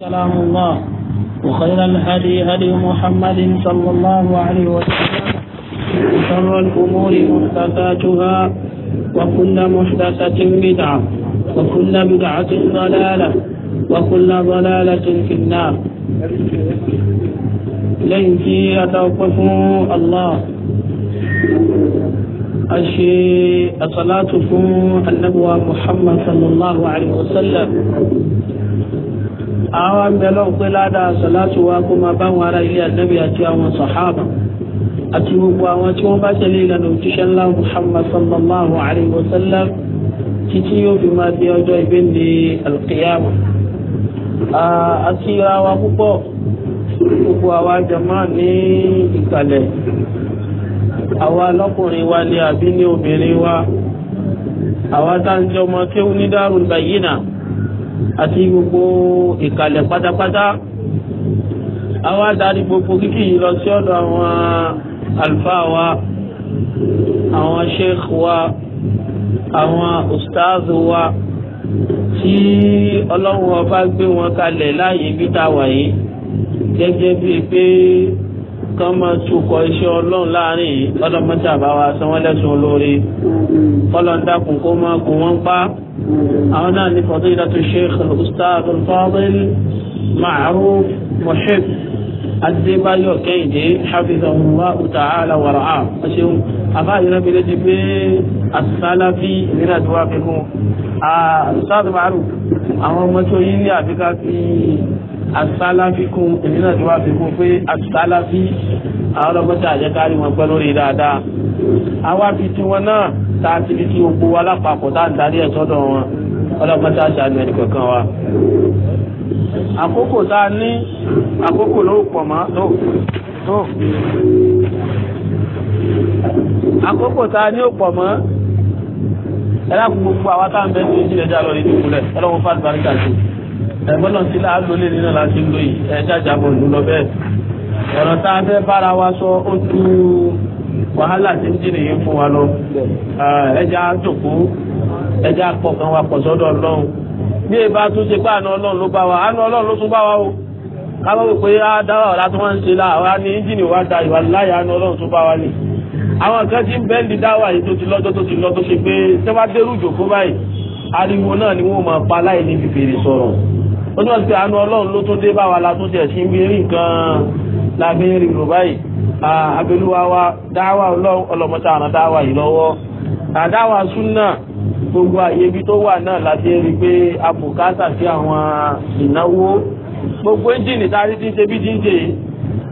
كلام الله وخير الهدي هدي محمد صلى الله عليه وسلم وشر الأمور محدثاتها وكل محدثة بدعة وكل بدعة ضلالة وكل ضلالة في النار لين أتوقف الله أشي الصلاة النبوة محمد صلى الله عليه وسلم àwọn abẹ́lọ́ pé ládàá sọ̀láṣù wa kó máa bá wọn ará ilé ànábì àti àwọn sàhábà àti gbogbo àwọn tí wọ́n bá tẹ̀lé ìlànà òjíṣẹ́ ńlá Muhammad sallallahu alayhi wa sallam títí yóò fi máa di ọjọ́ ìgbéǹde alqiyama. àti àwa púpọ̀ gbogbo àwa jàmáà ní ìkàlẹ̀ àwa lọ́kùnrin wa ni àbí ní obìnrin wa àwa tá à ń jẹ́ ọmọ kéwú ní Darul Bayyinah àti gbogbo ìkàlẹ̀ pátápátá àwa adarí gbogbo kíkì yìí lọ sí ọ̀dọ̀ àwọn àlùfáà wa àwọn sheikh wa àwọn ustaz wa tí ọlọ́run ọba gbé wọn kalẹ̀ láàyè bí tá yìí gẹ́gẹ́ bíi pé kan máa tukọ̀ iṣẹ́ ọlọ́run láàrin ọlọ́mọdé àbáwá sanwó lẹ́sùn olóore ọlọ́ndàkùn kó máa kún wọ́n pa àwọn náà ní fadilatu sheikh ustaz al-fadil ma'ruf muhib adébáyọ̀ kẹ́hìndé hafizahullahu ta'ala wa ra'ah ọ̀ṣẹ́un àbáyọ̀rẹ́ mi létí pé asálàfí ìrìnà tó wà fi kún ustaz ma'ruf àwọn ọmọ tó yí ní àbíká fi asálàfí kún èmi náà tí wàá fi kún pé asálàfí àwọn ọlọ́gbọ́ta àjẹkárí wọn pẹ́ lórí dáadáa àwa fi tiwọn náà tá a ti fi kí gbogbo wa lápapọ̀ tá a darí ẹ̀ sọ́dọ̀ wọn ọlọ́gbọ́ta àṣàlù ẹnì kankan wa. àkókò tá a ní àkókò ló pọ̀ mọ́ tó tó àkókò tá a ní ó pọ̀ mọ́ ẹ lákòókò gbogbo àwa tá a ń bẹ ní ìjìnlẹ̀ jà lọ ní ìdúgbò rẹ̀ ẹ lọ́wọ́ fásitì baríkà sí i ẹgbọ́nà tí láàlú lè nínú láti ń lò yìí ẹ jájà bọ̀ lù lọ bẹ́ẹ̀ ọ̀rọ̀ tá a fẹ́ bára wa sọ ó tú wàhálà tí ń jìnnì yìí fún wa lọ ẹja àjòkó ẹja àpọ̀kan wa pọ̀ sọ́dọ̀ ọlọ́run bí ẹ bá tún ṣe pé àna ọlọ́run ló bá wa àna ọlọ́run ló tún bá wa o káwọ́ wò pé á dáwà ọ̀la tí wọ́n ń ṣe la àwa ní jìnnì wa da ìwà láyà àna ọlọ́run tún bá wa ni àwọn kan tí ń bẹ́ẹ̀ ní dáwà yìí tó ti lọ́jọ́ tó ti lọ tó ṣe pé tẹ́wá dérú ìjòkó báyìí ariwo náà ni wọ́n máa pa láì ní fìfèrè sọ̀rọ̀ ó ní wọ́n ti àánú ọlọ́run ló tún dé báwa la tún tẹ̀ sí ń bí rí nǹkan lábẹ́ rí rò báyìí abẹ́lúwa wa dáwà ọlọ́mọta àná dáwà yìí lọ́wọ́ àdáwà súnà gbogbo àyèbí tó wà náà láti rí pé abùkátà sí àwọn ìnáwó gbogbo ẹ́ńjìnì tá a rí ti ń ṣe bí ti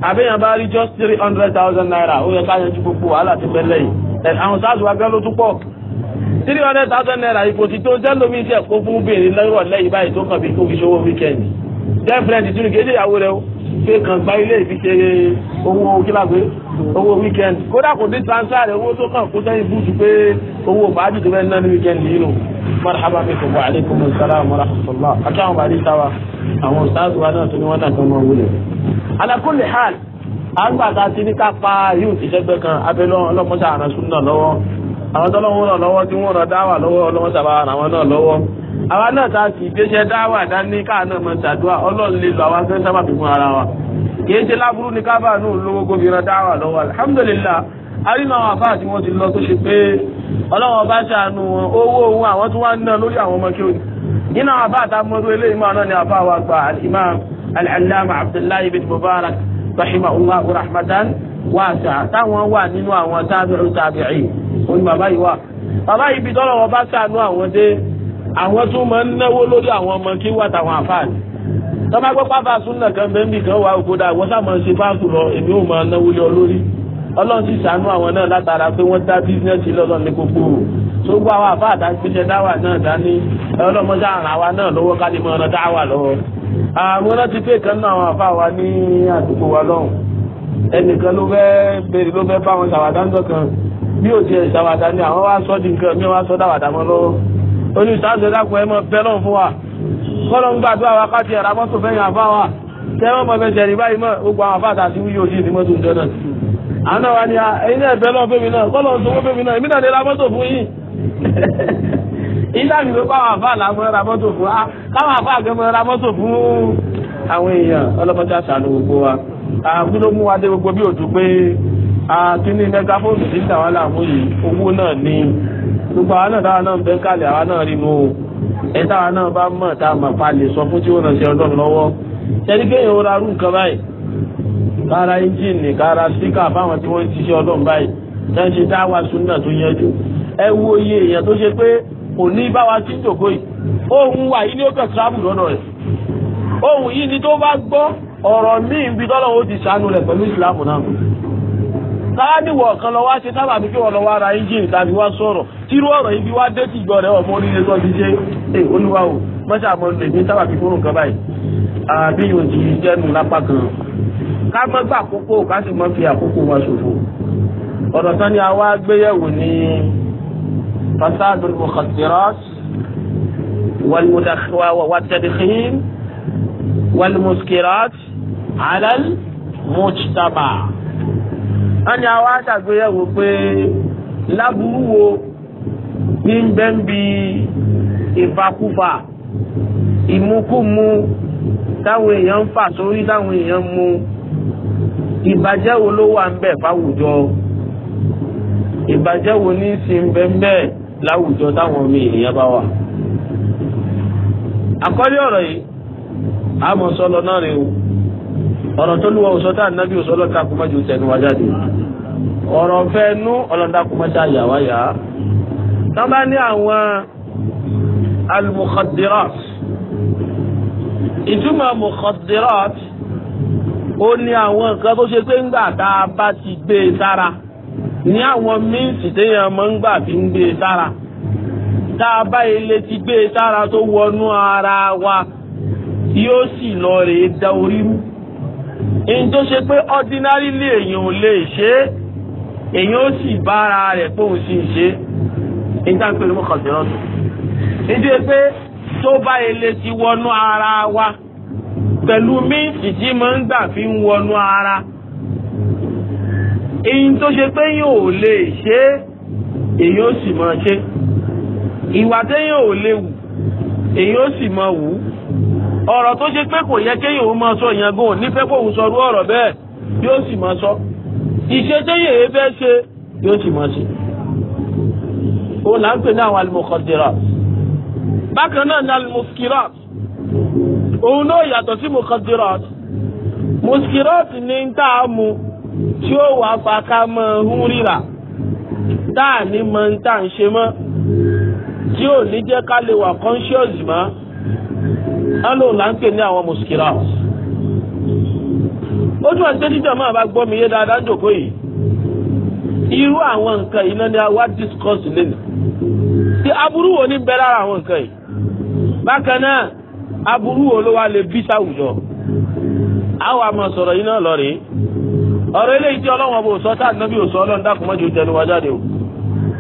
àbẹ́yàn bá rí just three hundred thousand naira ó yẹ ká yanjú gbogbo wàhálà ti bẹ́lẹ̀ yìí àwọn sáàsì wa gẹ́ ló tún pọ̀ three hundred thousand naira ipò tí tó ń tẹ́lómi iṣẹ́ kó fún bìnrin lọ́rọ̀ lẹ́yìn báyìí tó kàn fi kó fi ṣòwò wíkẹ́ndì girlfriend tún kéde ìyàwó rẹ o pé kàn gba ilé ìfi ṣe owó kílàgbé owó wíkẹ́ndì kódà kò ní transfer owó tó kàn kó sẹ́yìn búùtù pé owó bàájì tó fẹ́ẹ́ ná ní wíkẹ́ndì yìí nù marhaba bikum wa aleykum salaam wa rahmatulah àti àwọn bàálí sáwa àwọn ustaz wa náà tó ní wọ́n tàn kán mọ́ wúlò. ala kulli hal àgbàdá ti ní ká pa yóò ti sẹ́gbẹ́ kan abẹ́lẹ́ ọlọ́mọdé àrùn sunna lọ́wọ́ àwọn tọ́lọ́wọ́ náà lọ́wọ́ tí wọ́n ràn dáwà lọ́wọ́ ọlọ́wọ́ sábà àwọn náà lọ́wọ́ àwa náà ta kì í gbéṣẹ́ dáwà dání káàná mọ̀ ṣàdúrà ọlọ́run lè lọ àwa fẹ́ sábà fi fún ara wa kì í ṣe láburú ni ká bá nù lówó kó fi ràn dáwà lọ́wọ́ alhamdulillah arínà àwọn àfáà tí wọ́n ti lọ tó ṣe pé ọlọ́wọ́ bá ṣàánú wọn owó ohun àwọn tó wá ń ná lórí àwọn ọmọ kí òní nínú àwọn àfáà wàṣà táwọn wà nínú àwọn tábìrì tábìrì ó ní bàbá yìí wà bàbá yìí bí tọ́lọ̀ wọn bá sànú àwọn dé àwọn tún máa ń náwó lórí àwọn ọmọ kí wà táwọn àfáàní tọ́ba gbọ́ pápá súnà kan bẹ́ẹ̀ mi kan wà òkúta àwọn sáà máa ń ṣe fáàkù lọ èmi ò máa náwó lé ọ lórí ọlọ́run ti sànú àwọn náà látara pé wọ́n dá bísíǹsì lọ́dọ̀ ní gbogbo tó gbọ́ àwọn àfáàdá gbéṣẹ́ dáwà náà dání ọlọ́mọdé ẹnìkan ló fẹ́ béèrè ló fẹ́ báwọn ṣàwádà ń dọ̀kan bí ò tiẹ̀ ṣàwádà ni àwọn wá sọ́ di nǹkan mi wá sọ́ dàwádà mọ́ lọ́wọ́ oní ìsáàsì ẹ̀dàkùn ẹ̀ mọ́ bẹ́ẹ̀ lọ́n fún wa kọ́lọ́ ń gbàdúrà wa ká tiẹ̀ ra mọ́tò fẹ́yìn àfa wa tẹ́wọ́n mọ̀ fẹ́ ṣẹ̀rí báyìí mọ́ gbogbo àwọn àfa àtàtì wíyí òsì ní mọ́tò ń jọ náà àná wa ni ẹ̀yin náà bẹ́ẹ̀ lọ́n fẹ́mi náà kọ́lọ́ ń sọ fẹ́mi náà èmi náà lè ra fún yín ìdáàbì ló bá wàá fà láwọn ra fún wa káwọn àfa àgẹ́mọ́ ra fún àwọn èèyàn ọlọ́mọdé àṣà ló gbogbo wa kí ló mú wa dé gbogbo bí òtún pé kíní mẹgáfóònù tí tàwa làmú yìí owó náà ní gbogbo àwa náà táwa náà ń bẹ kalẹ̀ àwa náà rí mu o ẹ táwa náà bá mọ̀ tá a mọ̀ pa lè sọ fún tí wọn náà ṣe ọdún lọ́wọ́ ṣẹ́ni kéèyàn ó ra rú nǹkan báyìí kára ẹ́ńjìnì kára síkà fáwọn tí wọ́n ti ṣe ọdún báyìí tẹ́ ń ṣe dáwà súnà tó yanjú ẹ wo iye èèyàn tó ṣe pé kò ní bá wa tí ń jòkó yìí ohun wà yìí ni ó kẹ̀ ọ̀rọ̀ míì ń bi tọ́lọ́wọ́ ti ṣàánú rẹ̀ pẹ̀lú ìsìlámù náà sáábìwọ̀ kan lọ wá ṣe sábà bí kí wọ́n lọ wá ra engine tàbí wá sọ̀rọ̀ tírú ọ̀rọ̀ ibi wá dé tí ìjọ rẹ̀ ọmọ oríire tó ti ṣe é olúwa o mọ́ṣá mọ́ lè ní sábà bí fóònù kan báyìí àbí yóò ti jẹ́nu lápá kan ká mọ́ gbà àkókò ká sì mọ́ fi àkókò wa ṣòfò ọ̀rọ̀ tán ni a wá gbéyẹ̀wò ní fasadu mukadirat wàlmùdàkìwà wàtẹ̀dìkì wàlmùsìkìrat alal mujtama. wọ́n ní àwa ṣàgbéyẹ̀wò pé láburú wo ní bẹ́ẹ̀ ń bi ìfakúfà ìmukúmu táwọn èèyàn ń fà sórí táwọn èèyàn ń mu ìbàjẹ́ wo ló wà ń bẹ̀ fáwùjọ ìbàjẹ́ wo ní í sin bẹ́ẹ̀ láwùjọ táwọn ọmọ ènìyàn bá wà. àkọ́lé ọ̀rọ̀ yìí àmọ́ sọlọ náà rèé o ọ̀rọ̀ tó lùwọ̀ òsọ tá ànábì òsọ lọ́ta kó má ju tẹnu wa jáde ọ̀rọ̀ fẹ́ nú ọlọ́dà kó má ṣe àyàwá yá tábà ní àwọn al-mukhaddirat ìtumọ̀ mukhaddirat ó ní àwọn nǹkan tó ṣe pé ńgbà tá a bá ti gbé e sára ní àwọn míǹsì téèyàn máa ń gbà fi ń gbé e sára tá a bá ilé ti gbé e sára tó wọnú ara wa yóò sì lọ rèé da orí rú in tó ṣe pé ordinary lè èyàn ò lè ṣe é èyàn ó sì bára rẹ̀ pé òun sì ń ṣe é in tá n pè ní mọ̀kàndínlọ́tò nítorí pé tó bá ele ti wọnú ara wa pẹ̀lú míǹtì tí mo ń gbà fi ń wọnú ara in tó ṣe pé yóò ò lè ṣe é èyàn ó sì máa ṣe ìwà téyàn ò lè wù èyàn ó sì máa wù ú ọ̀rọ̀ tó ṣe pé kò yẹ kéèyàn ó máa sọ yẹn gan nífẹ̀ẹ́ kó òun sọrú ọ̀rọ̀ bẹ́ẹ̀ yóò sì máa sọ ìṣe téèyàn èé fẹ́ ṣe yóò sì máa ṣe òun là ń pè ní àwọn al-mukhadirat bákan náà ní al-muskirat òun náà yàtọ̀ sí mukhadirat muskirat ní ń tá a mu tí ó wàá fa ká máa ń ríra tá a ní máa ń tá a ń ṣe mọ́ tí ò ní jẹ́ ká lè wà conscious mọ́. alò là nke ni ní muskira muskirat ó tún àti tẹ́tíjà máa bá gbọ́ mi yé daada jòkó yìí irú àwọn nǹkan yìí náà ni a discuss wo ní bẹ lára àwọn nǹkan yìí bákan náà aburú wo ló wá lè bí sáwùjọ náà lọ ọrọ eléyìí tí ọlọ́wọ́n o.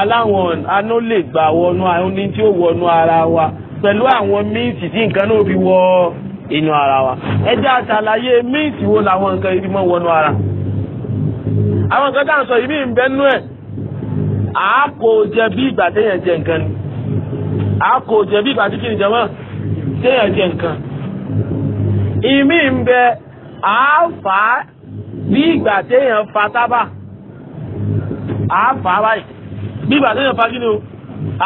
aláwọn aná lè gbà wọnú àwọn tí ó wọnú ara wa pẹ̀lú àwọn míǹtì tí nǹkan náà fi wọ inú ara wa ẹ jẹ́ àtàlàyé míǹtì wo làwọn nǹkan mọ́ wọnú ara àwọn nǹkan tá sọ yìí ẹ̀ àákò bí ìgbà sẹ́yìn fa kíni o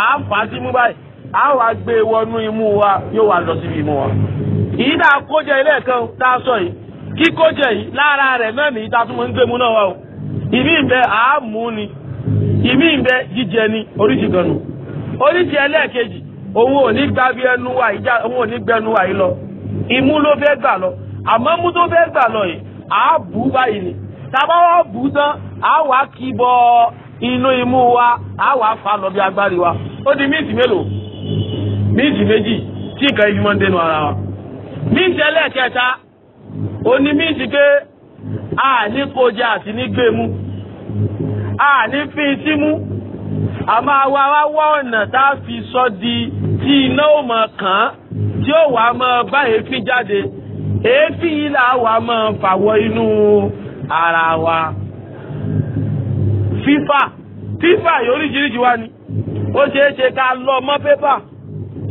àá fà á sí mú báyìí àá wàá gbé e wọnú imú wa yóò wá lọ síbi imú wa. ìyí tá a kójẹ ilé ẹ̀kan tá a sọ yìí kíkójẹ yìí lára rẹ̀ náà nìyí tá a tún mọ̀ ń gbé mu náà wá o ìmí ìbẹ àámú ni ìmí ìbẹ jíjẹ ni oríṣi kan nù oríṣi ẹlẹ́ẹ̀kejì òun ò ní gba bí ẹnu wa yìí já òun ò ní gbẹnu wa yìí lọ imú ló fẹ́ gbà lọ àmọ́ mú tó fẹ́ gbà lọ yìí àá bù báyìí ni tàbá wá bù tán àá wá kí bọ́ inú imú wa á wàá fa lọ bí agbárí wa ó di míìtì mélòó míìtì méjì tí nǹkan ibi máa ń dénú ara wa míìtì ẹlẹ́ẹ̀kẹta òní míìtì pé a ní kó jẹ àti ní gbé mú a ní fi sí mú àmọ́ àwa wá wá ọ̀nà tá a fi sọ di tí iná ò mọ̀ kàn án tí ó wàá mọ bá èéfín jáde èéfín yìí là á wàá mọ fàwọ inú ara wa tífà tífà oríṣiríṣi wá ni ó ṣeé ṣe ká lọ mọ́ pépà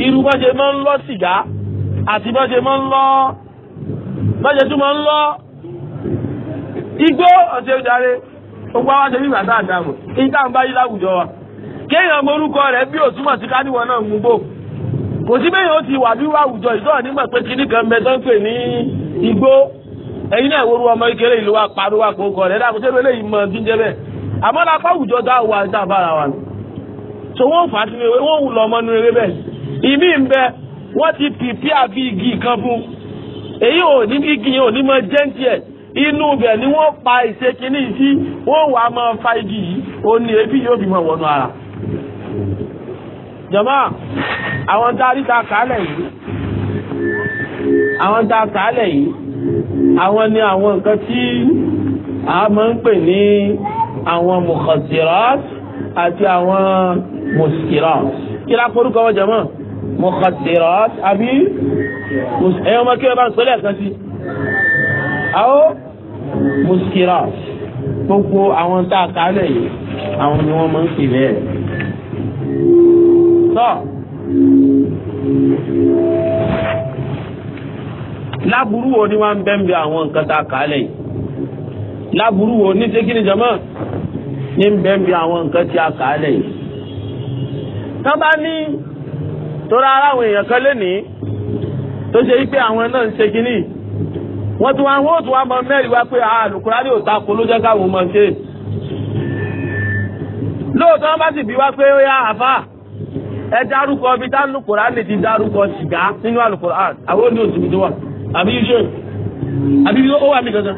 irú bá ṣe máa ń lọ sìgá àti bá ṣe máa ń lọ bá ṣe tún máa ń lọ igbó ọ̀ṣẹ́ ìdarí gbogbo àwọn aṣèlú ìgbà sáà dàmù ìta ń bá yí láwùjọ wa kéèyàn morúkọ rẹ̀ bí ò túmọ̀ sí káníwọ̀n náà gbogbo kò sí bẹ́ẹ̀ yóò ti wà bí wàwùjọ ìtọ́ nígbà pé kíní kan bẹ tó ń pè ní igbó ẹ̀yin náà ìwòrú ọmọ ìkéré ìlú wa pariwo àpòkọ rẹ̀ dákúnṣe lóléyìí mọ̀ ọdún jẹ́ bẹ́ẹ̀ àmọ́ la pa àwùjọ dá wa dá bára wa ni so wọ́n fà á sínú ewé wọ́n wù lọ ọmọ nínú eré bẹ́ẹ̀ ìmí ń bẹ wọ́n ti pìpì àbí igi kan fún èyí ò ní igi yẹn ò ní mọ jẹ́ǹtì ẹ̀ inú ibẹ̀ ni wọ́n pa ìṣèkínní sí wọ́n wà á máa fa igi yìí ó ní ebi yóò fi mọ̀ wọnú ara jọ̀mọ́ àwọn tá a rí ta kálẹ̀ yìí àwọn tá kálẹ̀ yìí àwọn ni àwọn nǹkan tí a máa ń pè ní àwọn mukhasirat àti àwọn muskirat kíra forúkọ wọn jẹmọ mukhasirat àbí ẹyọ ọmọ kí wọn bá ń sọlẹ ẹ̀kan sí àwọn muskirat gbogbo àwọn tá a kà á lẹ yìí àwọn ni wọn máa ń pè bẹ́ẹ̀ tọ láburú wo ni wọn bẹ ń bẹ àwọn nǹkan tá a kà lẹ yìí láburú wo ní ṣé ní bẹ́ẹ̀ bí àwọn nǹkan tí a kà á lẹ̀ yìí. tó bá ní tóra ara àwọn èèyàn kan lénìí tó ṣe wípé àwọn náà ń ṣe kínní wọ́n tún wá wọ́n tún wá mọ mẹ́rin wá pé àlùkùránì ò takò ló jẹ́ káwọn mọ̀ ṣe. lóòótọ́ wọ́n bá sì bí wá pé ó yá àfà ẹ dárúkọ ibi tá àlùkùránì ti dárúkọ sìgá nínú àlùkùránì àwọn ò ní òsì àbí iṣẹ́ àbí ó wà mí gangan.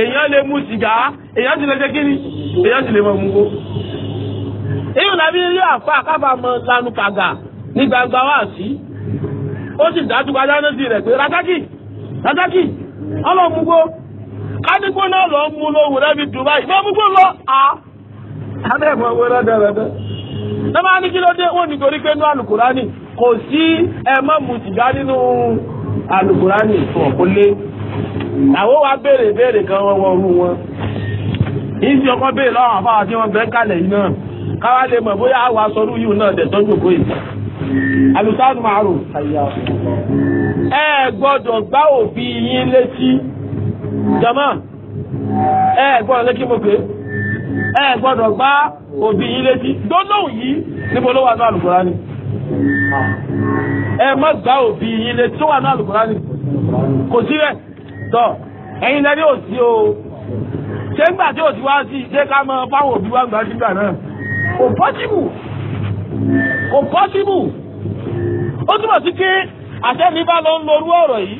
èèyàn lè mu sìgá èèyàn sì lè ṣe kíni èèyàn sì lè mọ mu kó. ìyún làbí ilé àfa mọ lanu kàgà ní gbangba wá sí ó sì dájú rẹ̀ pé rasaki rasaki ọlọ́mú kádìgbò náà lọ mú lóhùn rẹ̀ bí Dubai mú lọ abẹ́ owó alukurani kò sí alukurani àwọn wa béèrè kan wọn wọ orú wọn ọkọ béèrè tí yìí náà káwá lè bóyá àwọn yìí náà òkú yìí ẹ gbá yín létí ẹ létí mo pé ẹ gbá yín létí yìí níbo ló wà ní ẹ má gbá yín létí tó wà ní tọ́ ẹ̀yin lẹ́ni ò sí o ṣé ńgbà tí ò sí wá sí ṣé ká mọ fáwọn òbí wa gbà sígbà náà kò pọ́sibù kò pọ́sibù ó túmọ̀ sí pé àtẹ́ni bá lọ ń lorú ọ̀rọ̀ yìí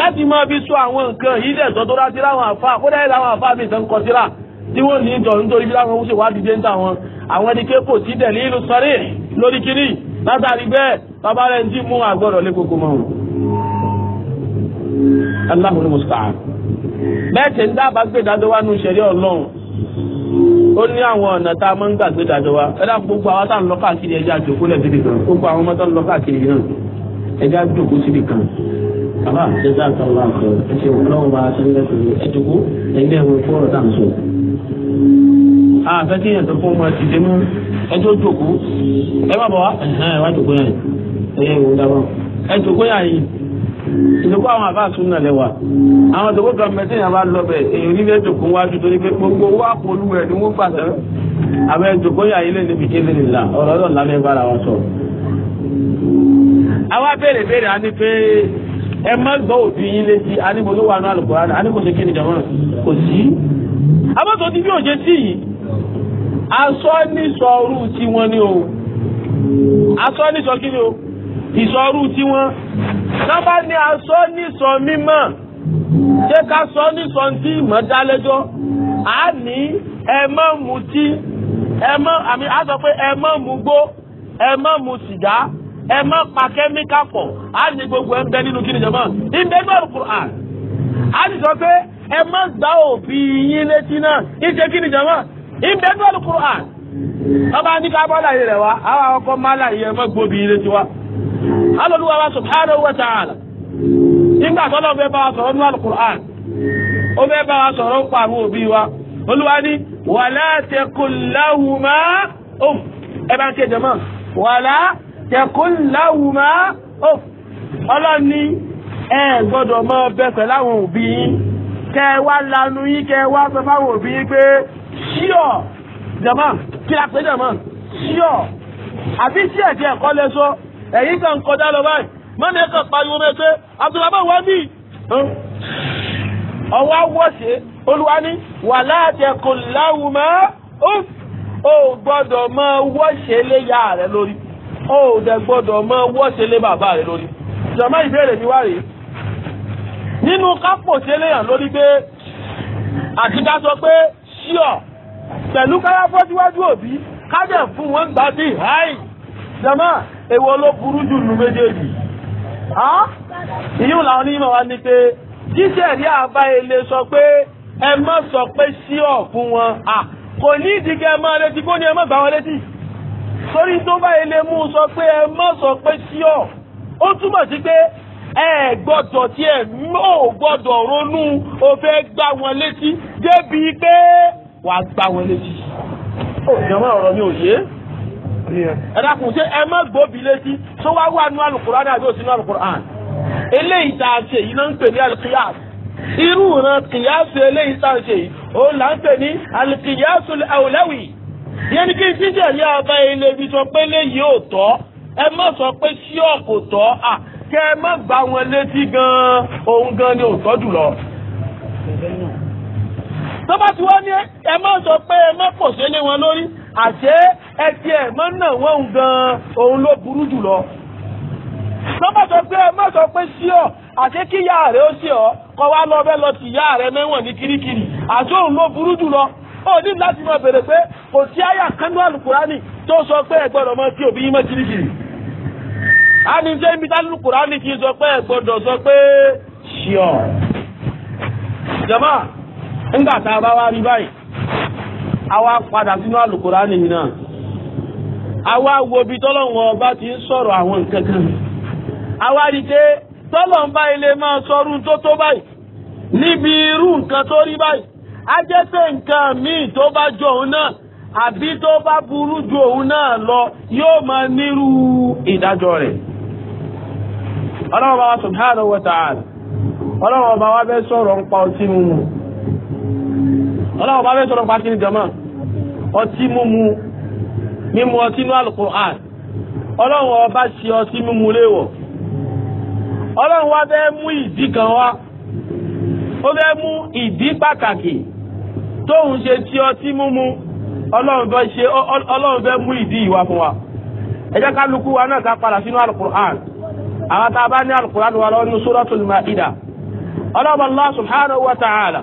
láti máa fi sọ àwọn nǹkan yìí dẹ̀sọ́ tó rá sí láwọn àfa kódà yìí láwọn àfa mi ìtàn kọ síra tí wọ́n ní ìjọ nítorí bí láwọn oúnjẹ wá dìde ń ta wọn àwọn ẹni pé kò sí dẹ̀lí ìlú sọ́rí lórí kiri látàrí bẹ́ẹ̀ bàbá rẹ̀ ń dì mú àgbọ̀rọ̀ lé gbogbo mọ́ wọn. Allahu musta'an. bẹ́ẹ̀ tẹ̀ ń dábàá gbé wa nu ṣẹ̀rí ọlọ́run ó ní àwọn ọ̀nà tá a máa ń gbà gbé dájọ́ wa ẹ dá gbogbo àwọn tá à ń lọ káàkiri ẹja àjòkó lẹ́bìrì kan gbogbo àwọn ọmọ tá à ń lọ káàkiri náà ẹja àjòkó síbi kan bàbá àtẹ́sẹ́ àtàwọn àkọ́ ẹ̀ṣẹ̀ ọlọ́run bá aṣọ ńlẹ̀ pẹ̀lú ẹ̀jọ̀kó ẹ̀gbẹ́ ẹ̀wọ̀n fọ́ọ̀rọ̀ tá à ń sọ. àfẹ́ kí yẹn tó fún ọmọ ti dé mú ẹjọ́ jòkó ẹ má bọ̀ wá ẹ̀ ìdókò àwọn àbá àtúnà lẹ́wà àwọn ìdókò kan mẹ́tí yẹn bá lọ bẹ̀ èyí rí lẹ́jọ kó wájú torí pé gbogbo owó àpolú rẹ̀ ni wọ́n gbà sẹ́rẹ̀ àbẹ̀ ìdókò yà ilé níbi kéde nìlà ọ̀rọ̀ ọ̀rọ̀ ńlá lẹ́ bára wọn sọ. àwa béèrè béèrè á ní pé ẹ má gbọ́ òbí yín létí aníbo ló wà ní Al-Qur'an aníbo ṣe kéde jọ̀wọ́n kò sí. abọ́tò ti bí òjé sí yìí asọ́ ní sọ orú tiwọn ni o asọ́ ní sọ kí o ìsọrú tiwọn sábà ní asọ nísọ mímọ́ ṣé ká sọ nísọ tí mọ̀ dálẹ́jọ́ a ní ẹ má mutí ẹ má àmì a sọ pé ẹ má mugbó ẹ má mu sìgá ẹ má pa kẹ́míkà pọ̀ a ní gbogbo ẹ ń bẹ nínú kíni jọmọ́ ìbẹ́ náà Al-Qur'an a sì sọ pé ẹ má gbá yín létí náà ìṣe kíni jọmọ́ ìbẹ́ náà quran ọba ní ká bọ́ láyé rẹ̀ wá àwọn akọ́kọ́ má láyé ẹ má létí wá alọ́lúwa wa subhanahu wa ta'ala nígbà tọ́lọ́ fẹ́ bá wa sọ̀rọ̀ nínú alukur'an ó fẹ́ bá wa sọ̀rọ̀ ń pa àwọn òbí wa olúwa ní wàlá tẹkùnláwùmá òf ẹ bá ń ké jẹ mọ́ wàlá tẹkùnláwùmá òf ọlọ́ni ẹ gbọ́dọ̀ mọ́ bẹ pẹ̀lú àwọn òbí yín kẹ wá lanu yín kẹ wá sọ fáwọn òbí yín pé ṣíọ̀ jẹ̀mọ́ kí la pè jẹ̀mọ́ ṣíọ̀ àbí ṣíọ̀ tí ẹ̀kọ́ lẹ́sọ́ ẹ̀yin kan kọjá lọ báyìí mọ́ni ẹ̀kan pariwo mẹ́ pé abdulrahman wà ní ọwọ́ wọ́ṣẹ́ olúwa ní wà láti ẹ̀kọ́ láwùmọ́ ó gbọ́dọ̀ máa wọ́ṣẹ́ lé ya rẹ lórí ó dẹ̀ gbọ́dọ̀ máa wọ́ṣẹ́ lé bàbá rẹ lórí jọ̀mọ́ ìbéèrè mi wá rèé nínú kápò tẹ́lẹ̀yàn lórí pé àti ká sọ pé ṣíọ̀ pẹ̀lú káyà fọ́síwájú òbí ká dẹ̀ fún wọn gbà sí háì jọ̀mọ́ èwo ló burú jù nù méjèèjì ìyóò làwọn onímọ̀ wa ni pé jíṣẹ́ rí àbá ilé sọ pé ẹ mọ̀ sọ pé ṣíọ̀ fún wọn kò ní ìdíkẹ́ mọ́ létí kó ní ẹ mọ̀ gbà wọn létí torí tó bá ilé mú sọ pé ẹ mọ̀ sọ pé ṣíọ̀ ó túmọ̀ sí pé ẹ gbọ́dọ̀ tí ẹ ò gbọ́dọ̀ ronú o fẹ́ gbá wọn létí débi pé wàá gbá wọn létí. ó jẹ́ ọ̀rọ̀ mi ò yé ẹ dákun ṣé ẹ má gbóbi létí tó wá wà nú alukur'an àbí òsínú alukur'an eléyìí tá a ṣe yìí náà ń pè ní alukiyas irú ìran kìyàsù eléyìí tá a ṣe yìí òun là ń pè ní alukiyasù awulawi yẹn ni kí n ti jẹ̀lé ọba ilé ibi sọ pé léyìí ò tọ́ ẹ má sọ pé sí ọ̀kò tọ́ à kẹ́ ẹ má gbá wọn létí gan-an òun gan ni ò tọ́ jùlọ tọ́ba tí wọ́n ní ẹ má sọ pé ẹ má pòṣé lé wọn lórí a ẹtì ẹ̀ mọ́ náà wọ́n gan òun ló burú jùlọ. sọ́mọ̀ sọ pé ẹ má sọ pé sí ọ àṣé kí ìyá rẹ ó sí ọ kọ́ wá lọ bẹ́ẹ̀ lọ sí ìyá rẹ níwọ̀n ní kirikiri àṣé òun ló burú jùlọ. ó ní láti máa bèrè pé kò sí àyà kánú àlùkùránì tó sọ pé ẹ gbọ́dọ̀ mọ tí òbí yín mọ́ kirikiri. a ní ṣe ibi tá kì í sọ pé ẹ gbọ́dọ̀ sọ pé ṣíọ. jama ńgbà tá a àwa padà sínú àlùkùránì yìí náà àwa wo bí ọba ti ń sọ̀rọ̀ àwọn nǹkan kan àwa rí i pé tọ́lọ́wọ́n bá ilé máa sọrú tó tó báyìí níbi irú nǹkan tó rí báyìí á jẹ́ pé nǹkan míì tó bá jọ òun náà àbí tó bá burú ju òun náà lọ yóò máa nírú ìdájọ́ rẹ̀ ọlọ́wọ́n bá wa subhanahu wa ta'ala ọlọ́wọ́n bá wa bẹ́ sọ̀rọ̀ ń pa ọtí mímu. ọlọ́wọ́ bá fẹ́ sọ̀rọ̀ pàtí ní jọmọ́ ọtí mímu mímu ọtí ní alukur'an ọlọ́wọ́ ọba ṣe ọtí mímu léwọ̀ ọlọ́wọ́ wa fẹ́ mú ìdí kan wá ó fẹ́ mú ìdí pàtàkì tóun ṣe ti ọtí mímu ọlọ́run fẹ́ mú ìdí ìwà fún wa ẹ jẹ́ kálukú wa náà ká padà sínú alukur'an àwọn tá a bá ní alukur'an wa lọ́wọ́ nínú suratul Ma'idah ọlọ́wọ́ Allah subhanahu wa ta'ala.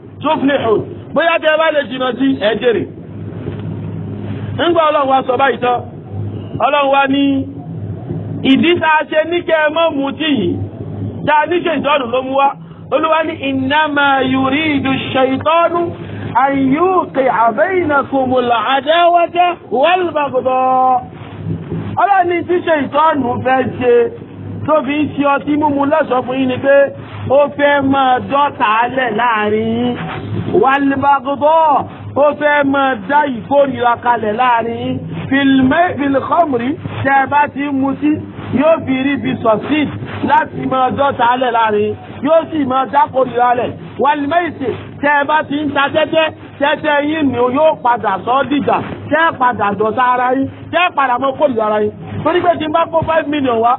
tuflihun bóyá tẹ bá lè jìnnà sí ẹ ńgbà ọlọ́run wa sọ báyìí tán ọlọ́run wa ní ìdí tá a ṣe níkẹ́ ẹ mọ́ mutí yìí tá a níṣe ìtọ́nù ló mú wá olúwa ní innama yuridu shaytanu an yuqi'a baynakumul adawata wal baghdha ọlọ́run ní ìtọ́nù fẹ́ ṣe. tó fi ń ṣe ọtí mímu lọ́sọ̀ọ́ fún yín ni pé ó fẹ́ máa dọ́ta alẹ̀ láàrin yín wàlúbàgùbọ̀ ó fẹ́ máa dá ìkórìíra kalẹ̀ láàrin yín fìlìkọ́mùrí tẹ́ ẹ bá ti ń mutí yóò fi rí bí sọ̀síd láti máa dọ́ta alẹ̀ láàrin yóò sì máa dákòrìíra alẹ̀ wàlúmẹ́sì tẹ́ ẹ bá ti ń ta tẹ́tẹ́ tẹ́tẹ́ yín ni yóò padà sọ ọ́ dìjà tẹ́ padà dọ̀tá ara yín tẹ́ padà mọ́ kórìíra ara yín torí pé tí n bá kó five million wá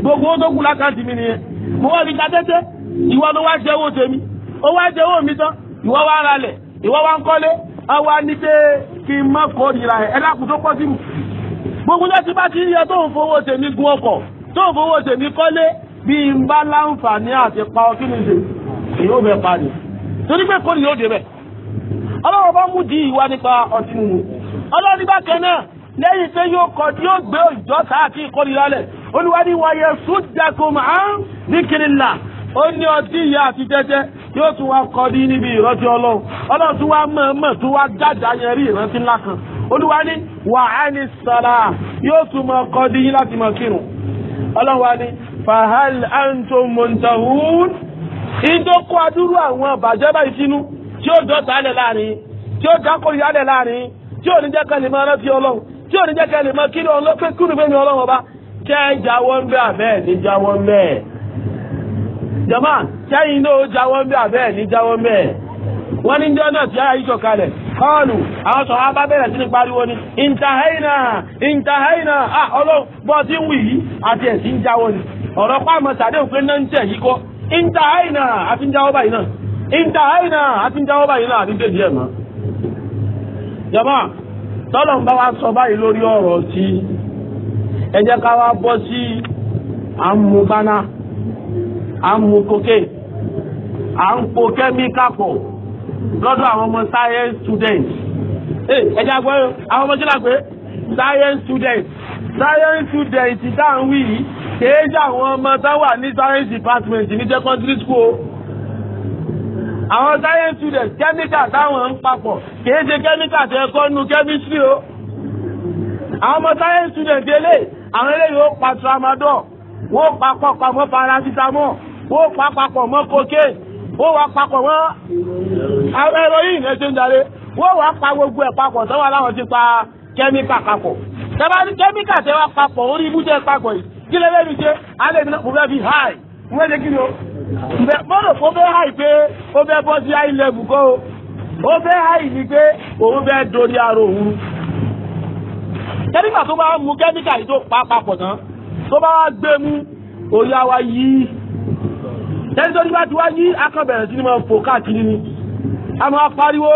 gbogbo owó tó kù lákàntì mi nìyẹn mo wá fi ta tẹ́tẹ́ ìwọ ló wá jẹ owó tèmi ó wá jẹ owó mi tán ìwọ wá ń ìwọ wá ń kọ́lé ní pé kí n má ẹ tó pọ́ sí gbogbo ti bá ti yẹ tó ń fowó tèmi gun ọkọ̀ tó ń fowó tèmi kọ́lé bí n bá láǹfààní àti pa kí ni ṣe èyí bẹ pa ni torí pé olùwádìí wáyé sódàkùn àrùn níkìrìlà ó ní ọtí ìyá àti tẹ́tẹ́ yóò tún wá kọ́ ní níbi ìrántí ọlọ́run ọlọ́run tún wá mọ̀ọ́mọ̀ tún wá jáde yẹn rí ìrántí ńlá kan olúwa ní wàá ní sàrà yóò tún mọ̀ kọ́ di yín láti mọ̀ kírun ọlọ́run wa ní fahal antum muntahun ìdókò adúrú àwọn àbàjẹ́ báyìí sínú tí ó dọ̀tà alẹ̀ láàrin tí ó dákòrò alẹ̀ láàrin tí ò ní jẹ́ kẹ́lẹ̀ mọ́ ọlọ́run tí ò ní jẹ́ kẹ́lẹ̀ mọ́ kírun ọlọ́pẹ́ kírun fẹ́mi ọlọ́run ọba ṣé ń ń bẹ́ àbẹ́ ní jáwọ́ ń bẹ́ ẹ̀ jama ó jáwọ́ ń bẹ́ àbẹ́ ní jáwọ́ wọ́n ní jọ́ náà tí ara yìí sọ̀kalẹ̀ kọ́ọ̀lù àwọn sọ̀rọ̀ abá bẹ̀rẹ̀ sí ní pariwo ni intahaina intahaina ń wì ni ọ̀rọ̀ pàmò sàdéhùn pé náà ń tẹ̀ yìí kọ́ àti ń jáwọ́ báyìí náà àti ń jáwọ́ báyìí náà àti ẹ jẹ́ ká wá bọ́ sí à ń à ń po kẹ́míkà pọ̀ lọ́dọ̀ àwọn ọmọ science students ẹ jẹ́ àgbọ̀ àwọn ọmọ sílá pé science students science students tá à ń wí yìí kèé jẹ́ àwọn ọmọ tá wà ní science department ní secondary school àwọn science students chemical táwọn ń papọ̀ kìí ṣe chemical tẹ ẹ̀kọ́ nu chemistry o àwọn ọmọ science students délé àwọn eléyìí ó pa tramadol wọ́n pa pọ̀pọ̀ mọ́ parasitamọ́ wọ́n pa papọ̀ mọ́ cocaine wọ́n wá papọ̀ mọ́ heroin ẹ̀ṣẹ̀ ń darí wọ́n wá pa gbogbo ẹ̀ papọ̀ sọ́wọ́ aláwọ̀ ti pa kẹ́míkà papọ̀ tẹ́lá ní kẹ́míkà tẹ́ wá papọ̀ orí ibùjẹ́ papọ̀ yìí kí lè lè mi ṣe alẹ́ mi náà mo fẹ́ fi háì mo fẹ́ ṣe kí ni o mọ́rò kó fẹ́ háì pé ó fẹ́ bọ́ sí high level kó o fẹ́ háì ni pé òun fẹ́ dorí ara òun kẹ́míkà tó bá mu kẹ́míkà yìí tó pa papọ̀ tán tó bá wá gbé mú orí àwa yí tẹ́lí tó ní bá wá yí akọ̀bẹ̀rẹ̀ sí ni máa fò káàkiri ni a máa pariwo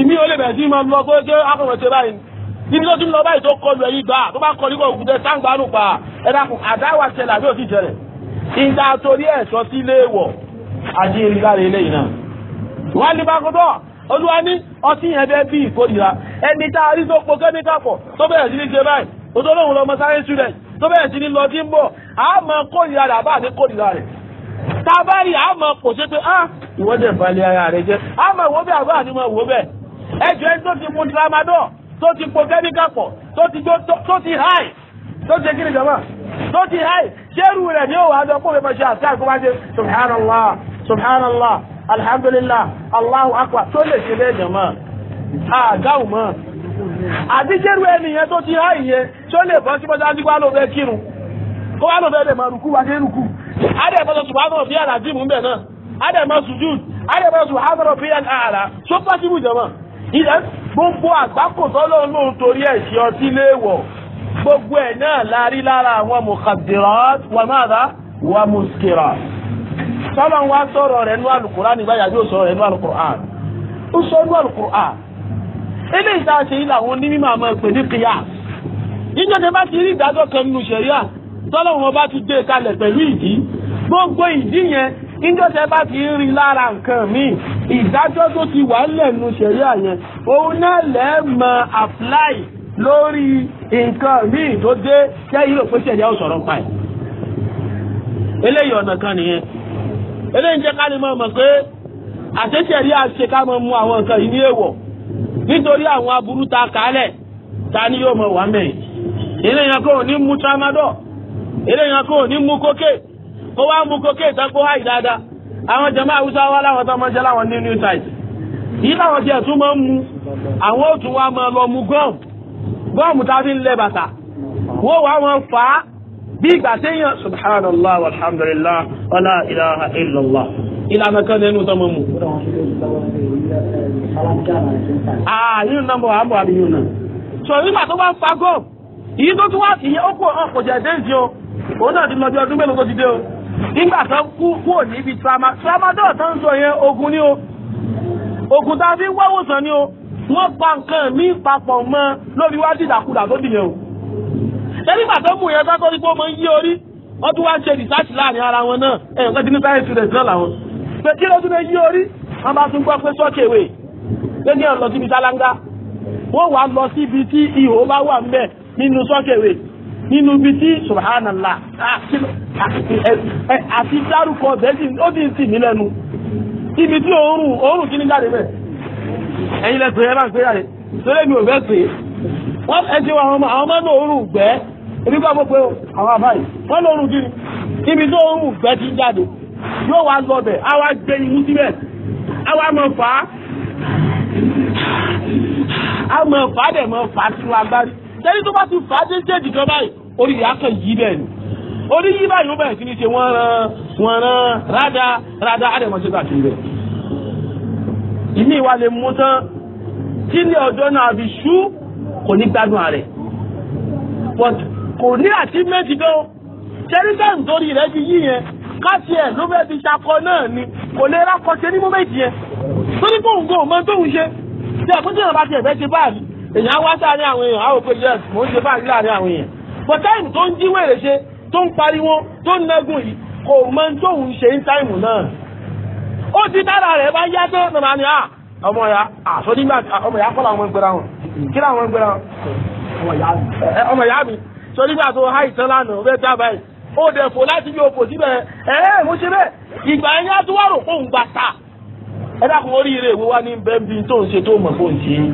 ìmí olè bẹ̀rẹ̀ sí ni máa lọ pé ṣé akọ̀bẹ̀rẹ̀ ṣe báyìí níbi tó tún lọ báyìí tó kọlu ẹ̀yìn gbà tó bá kọlu kọ òkúta sáǹgbà nù pa ẹ̀dá kù olúwa ní ọtí yẹn bẹ́ẹ̀ bí ìkórìíra ẹni tá a rí tó po kẹ́míkà pọ̀ tó bẹ̀rẹ̀ sí ní ṣe báyìí òtó lọmọ sáré student tó bẹ̀rẹ̀ sí ní lọ sí ń bọ̀ a máa kórìíra rẹ̀ àbá àti kórìíra rẹ̀ tá a bá rí a ṣe pé ah ara rẹ̀ jẹ́ a máa wò bẹ́ẹ̀ àbá àti máa wò bẹ́ẹ̀ ẹjọ́ ẹni tó ti high tó ti high ṣé alhamdulillah Allahu akwa tó lè ṣe léèyàn mọ́ àdáhùn mọ́ àdíjẹ́rú ẹnìyẹn tó ti há ìyẹn tó lè bọ́ sí bọ́sá dígbà ló kírun kó wá ló lè máa rùkú wá dé rùkú adẹ̀mọ́sọ subhanahu bí aladimu ń bẹ̀ náà bí tó pàṣípù ilẹ̀ gbogbo àgbákòtọ́ lóun torí ẹ̀ gbogbo ẹ̀ náà lára àwọn sọlọ wa wá sọ̀rọ̀ rẹ̀ nú alukur'an nígbà yàgbé òsọ̀rọ̀ rẹ̀ nú alukur'an ó sọ nú alukur'an eléyìí tá a ṣe yìí làwọn onímọ̀ àmọ́ ìpè ní kíyàs níjọ́ tẹ bá ti rí ìdájọ́ kan nínú ṣẹ̀ríà sọlọ wọn bá ti gbé e kalẹ̀ pẹ̀lú ìdí gbogbo ìdí yẹn níjọ́ tẹ bá ti rí lára nǹkan míì ìdájọ́ tó ti wà ńlẹ̀ nínú ṣẹ̀ríà yẹn òun náà lẹ́ẹ̀ mọ àfúláì lórí nǹkan míì tó dé ṣẹ́yìn rò pé ṣẹ̀ríà ò sọ̀rọ̀ pa ẹ̀ eléyìí ọ̀nà kan nìyẹn ele jẹ́ ká lè mọ̀ mọ̀ pé àṣẹṣẹ̀rí àṣe ká mọ̀ mú àwọn nǹkan yìí ní èèwọ̀ nítorí àwọn aburú ta kálẹ̀ ta ni yóò mọ̀ wá mẹ́yìn eléyìí kò ní mú kò ní mú kókè wa láwọn tó jẹ́ láwọn ní new site yìí láwọn tiẹ̀ tún máa ń mu àwọn wa máa lọ mu gọ́ọ̀mù gọ́ọ̀mù tá a fi ń fà bí ìgbà téèyàn subhanallah alhamdulilah wàlá ilaha illallah ìlànà kan nínú tọmọ mu. na nọmbọ àbọ ah, àbíyàn náà. sọ nígbà tó bá ń fa gọ́ọ̀ ìyí tó tún wá ìyẹn ó kó hàn kò jẹ́ o òun náà ti ọdún mélòó tó ti dé o nígbà tó kú kúrò níbi tramadol tramadol tó ń sọ ogun ni o ogun tá a fi ni o pa nǹkan papọ̀ torí pàtó mú yẹn sáko rí pé ó máa ń yí orí wọ́n tún wá ń ara wọn náà ẹ̀yìn kan ti ní sáyẹ̀nsì rẹ̀ làwọn. pé kí ló tún lè yí orí wọ́n bá tún gbọ́ pé sọ́kèwé pé kí wọ́n síbi sálángá wọ́n wá lọ síbi ibi ah, ti ń mí lẹ́nu ibi èmi gbọ́ pé àwọn àbáyé wọ́n lọ rùn kiri ibi tó ń rùn fẹ́ ti jáde yóò wá lọ bẹ̀ á gbé imú síbẹ̀ á wá fà á á mọ̀ fà á dẹ̀ mọ̀ fà á tún agbárí tẹ́lí tó bá ti fà á dé stéèjì kan báyìí orí ìyá yí bẹ́ẹ̀ ni orí yí báyìí ó bẹ̀rẹ̀ sí ní ṣe wọ́n ran wọ́n ran rádá rádá á dẹ̀ mọ̀ ṣe káàkiri bẹ̀. ìní ìwà lè mú tán tí ní ọjọ́ náà àbí ṣú kò ní gbádùn ààrẹ kò ní achievement gan tẹ́rítẹ́ǹ torí rẹ̀ ti yí yẹn káṣí ẹ̀ ló fẹ́ fi ṣakọ náà ni kò lè rákọ ṣe ní moment yẹn tó ní kóhùn kóhùn mọ́ tóhùn ṣe tí ẹ̀kún tí ìrànbá ti ẹ̀fẹ́ ṣe báàrí èèyàn wá sáárín àwọn èèyàn á wò pé yes mò ń ṣe báàrí láàrin àwọn èèyàn but time tó ń jí wèrè ṣe tó ń pariwo tó ń nẹ́gùn yìí kò mọ tóhùn ṣe ń táìmù náà ó ti dára rẹ̀ bá yá tán nàmà ni ah, ọmọ ya àsọdígbà ọmọ wọn kí làwọn ń gbéra wọn ọmọ ya mi sọ nígbà tó háì tán lánàá ó fẹ́ dábàá yìí ó dẹ̀ fò láti bí òfò síbẹ̀ ẹ̀ ẹ́ mo ṣe bẹ́ẹ̀ ìgbà yẹn á tún wá rò fóun gba ta ẹ dákun oríire ìwé wa ní bẹ́ẹ̀bí tó ń ṣe tó mọ̀ fóun ṣe é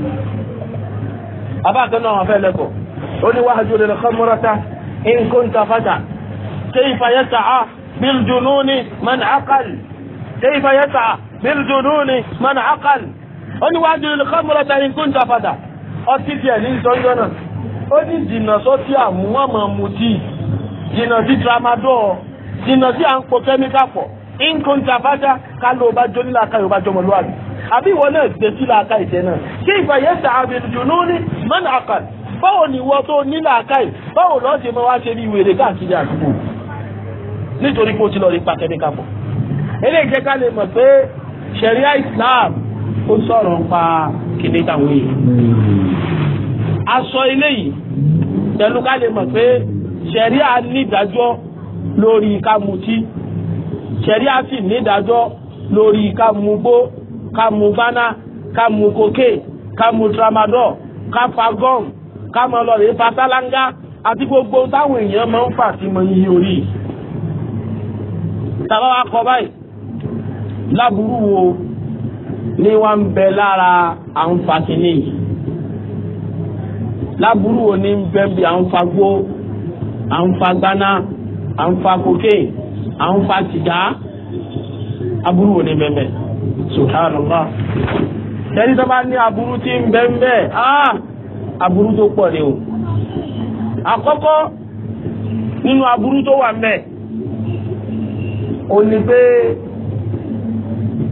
abákan náà wọn fẹ́ lẹ́kọ̀ọ́ ó ní wàá ju lẹ́nu kọ́múrọ́tà nǹkan tafata ṣé ìfàyẹ́ta á bíldùnúni mẹ́nà ákàl ṣé ìfàyẹ́ta bíldùnúni mẹ́nà ákàl ó ọtí tiẹ̀ ní ìtọ́jú náà ó ní jìnnà sọ́tí àmú wọn mọ̀ mutí jìnnà sí tramadol jìnnà sí à ń po kẹ́míkà pọ̀ nǹkan tàbátà ká ló bá jó nílà ká yóò bá jọmọ lóàbí àbí ìwọ náà gbé sí làákà ìtẹ náà kí ìgbà yẹn sàbẹ̀ dùnú ní mọ́nà àkàlù báwo ni ìwọ tó ní làákà yìí báwo lọ́ọ́ ṣe máa wá ṣe bí wèrè káàkiri àdúgbò nítorí pé o ti lọ rí pa kẹ́míkà pọ̀ eléyìí ká lè mọ̀ pé ṣẹ̀ríà Islam ó sọ̀rọ̀ pa kìnìún táwọn aṣọ eléyìí pẹ̀lú ká lè mọ̀ pé ṣẹ̀ríà nídàájọ́ lórí ká mutí ṣẹ̀ríà sì nídàájọ́ lórí ká mu gbó ká mu bánà ká mu kókè ká mu tramadol ká fa gọ́ọ̀mù ká máa lọ rèé fa sálángá àti gbogbo táwọn èèyàn máa ń fà sí mọ iye orí tàbá wa kọ báyìí láburú wo ni wọ́n ń bẹ lára àwọn fàkínì yìí láburú wo ni ń bẹ́ bí à ń fa gbó à ń fa gbaná aburú wo ni bẹ́ẹ̀ bẹ́ẹ̀ subhanallah tó bá ní aburú tí ń bẹ́ẹ̀ bẹ́ẹ̀ ah aburú tó pọ̀ ni o àkọ́kọ́ nínú aburú tó wà ńbẹ̀ ó ní pé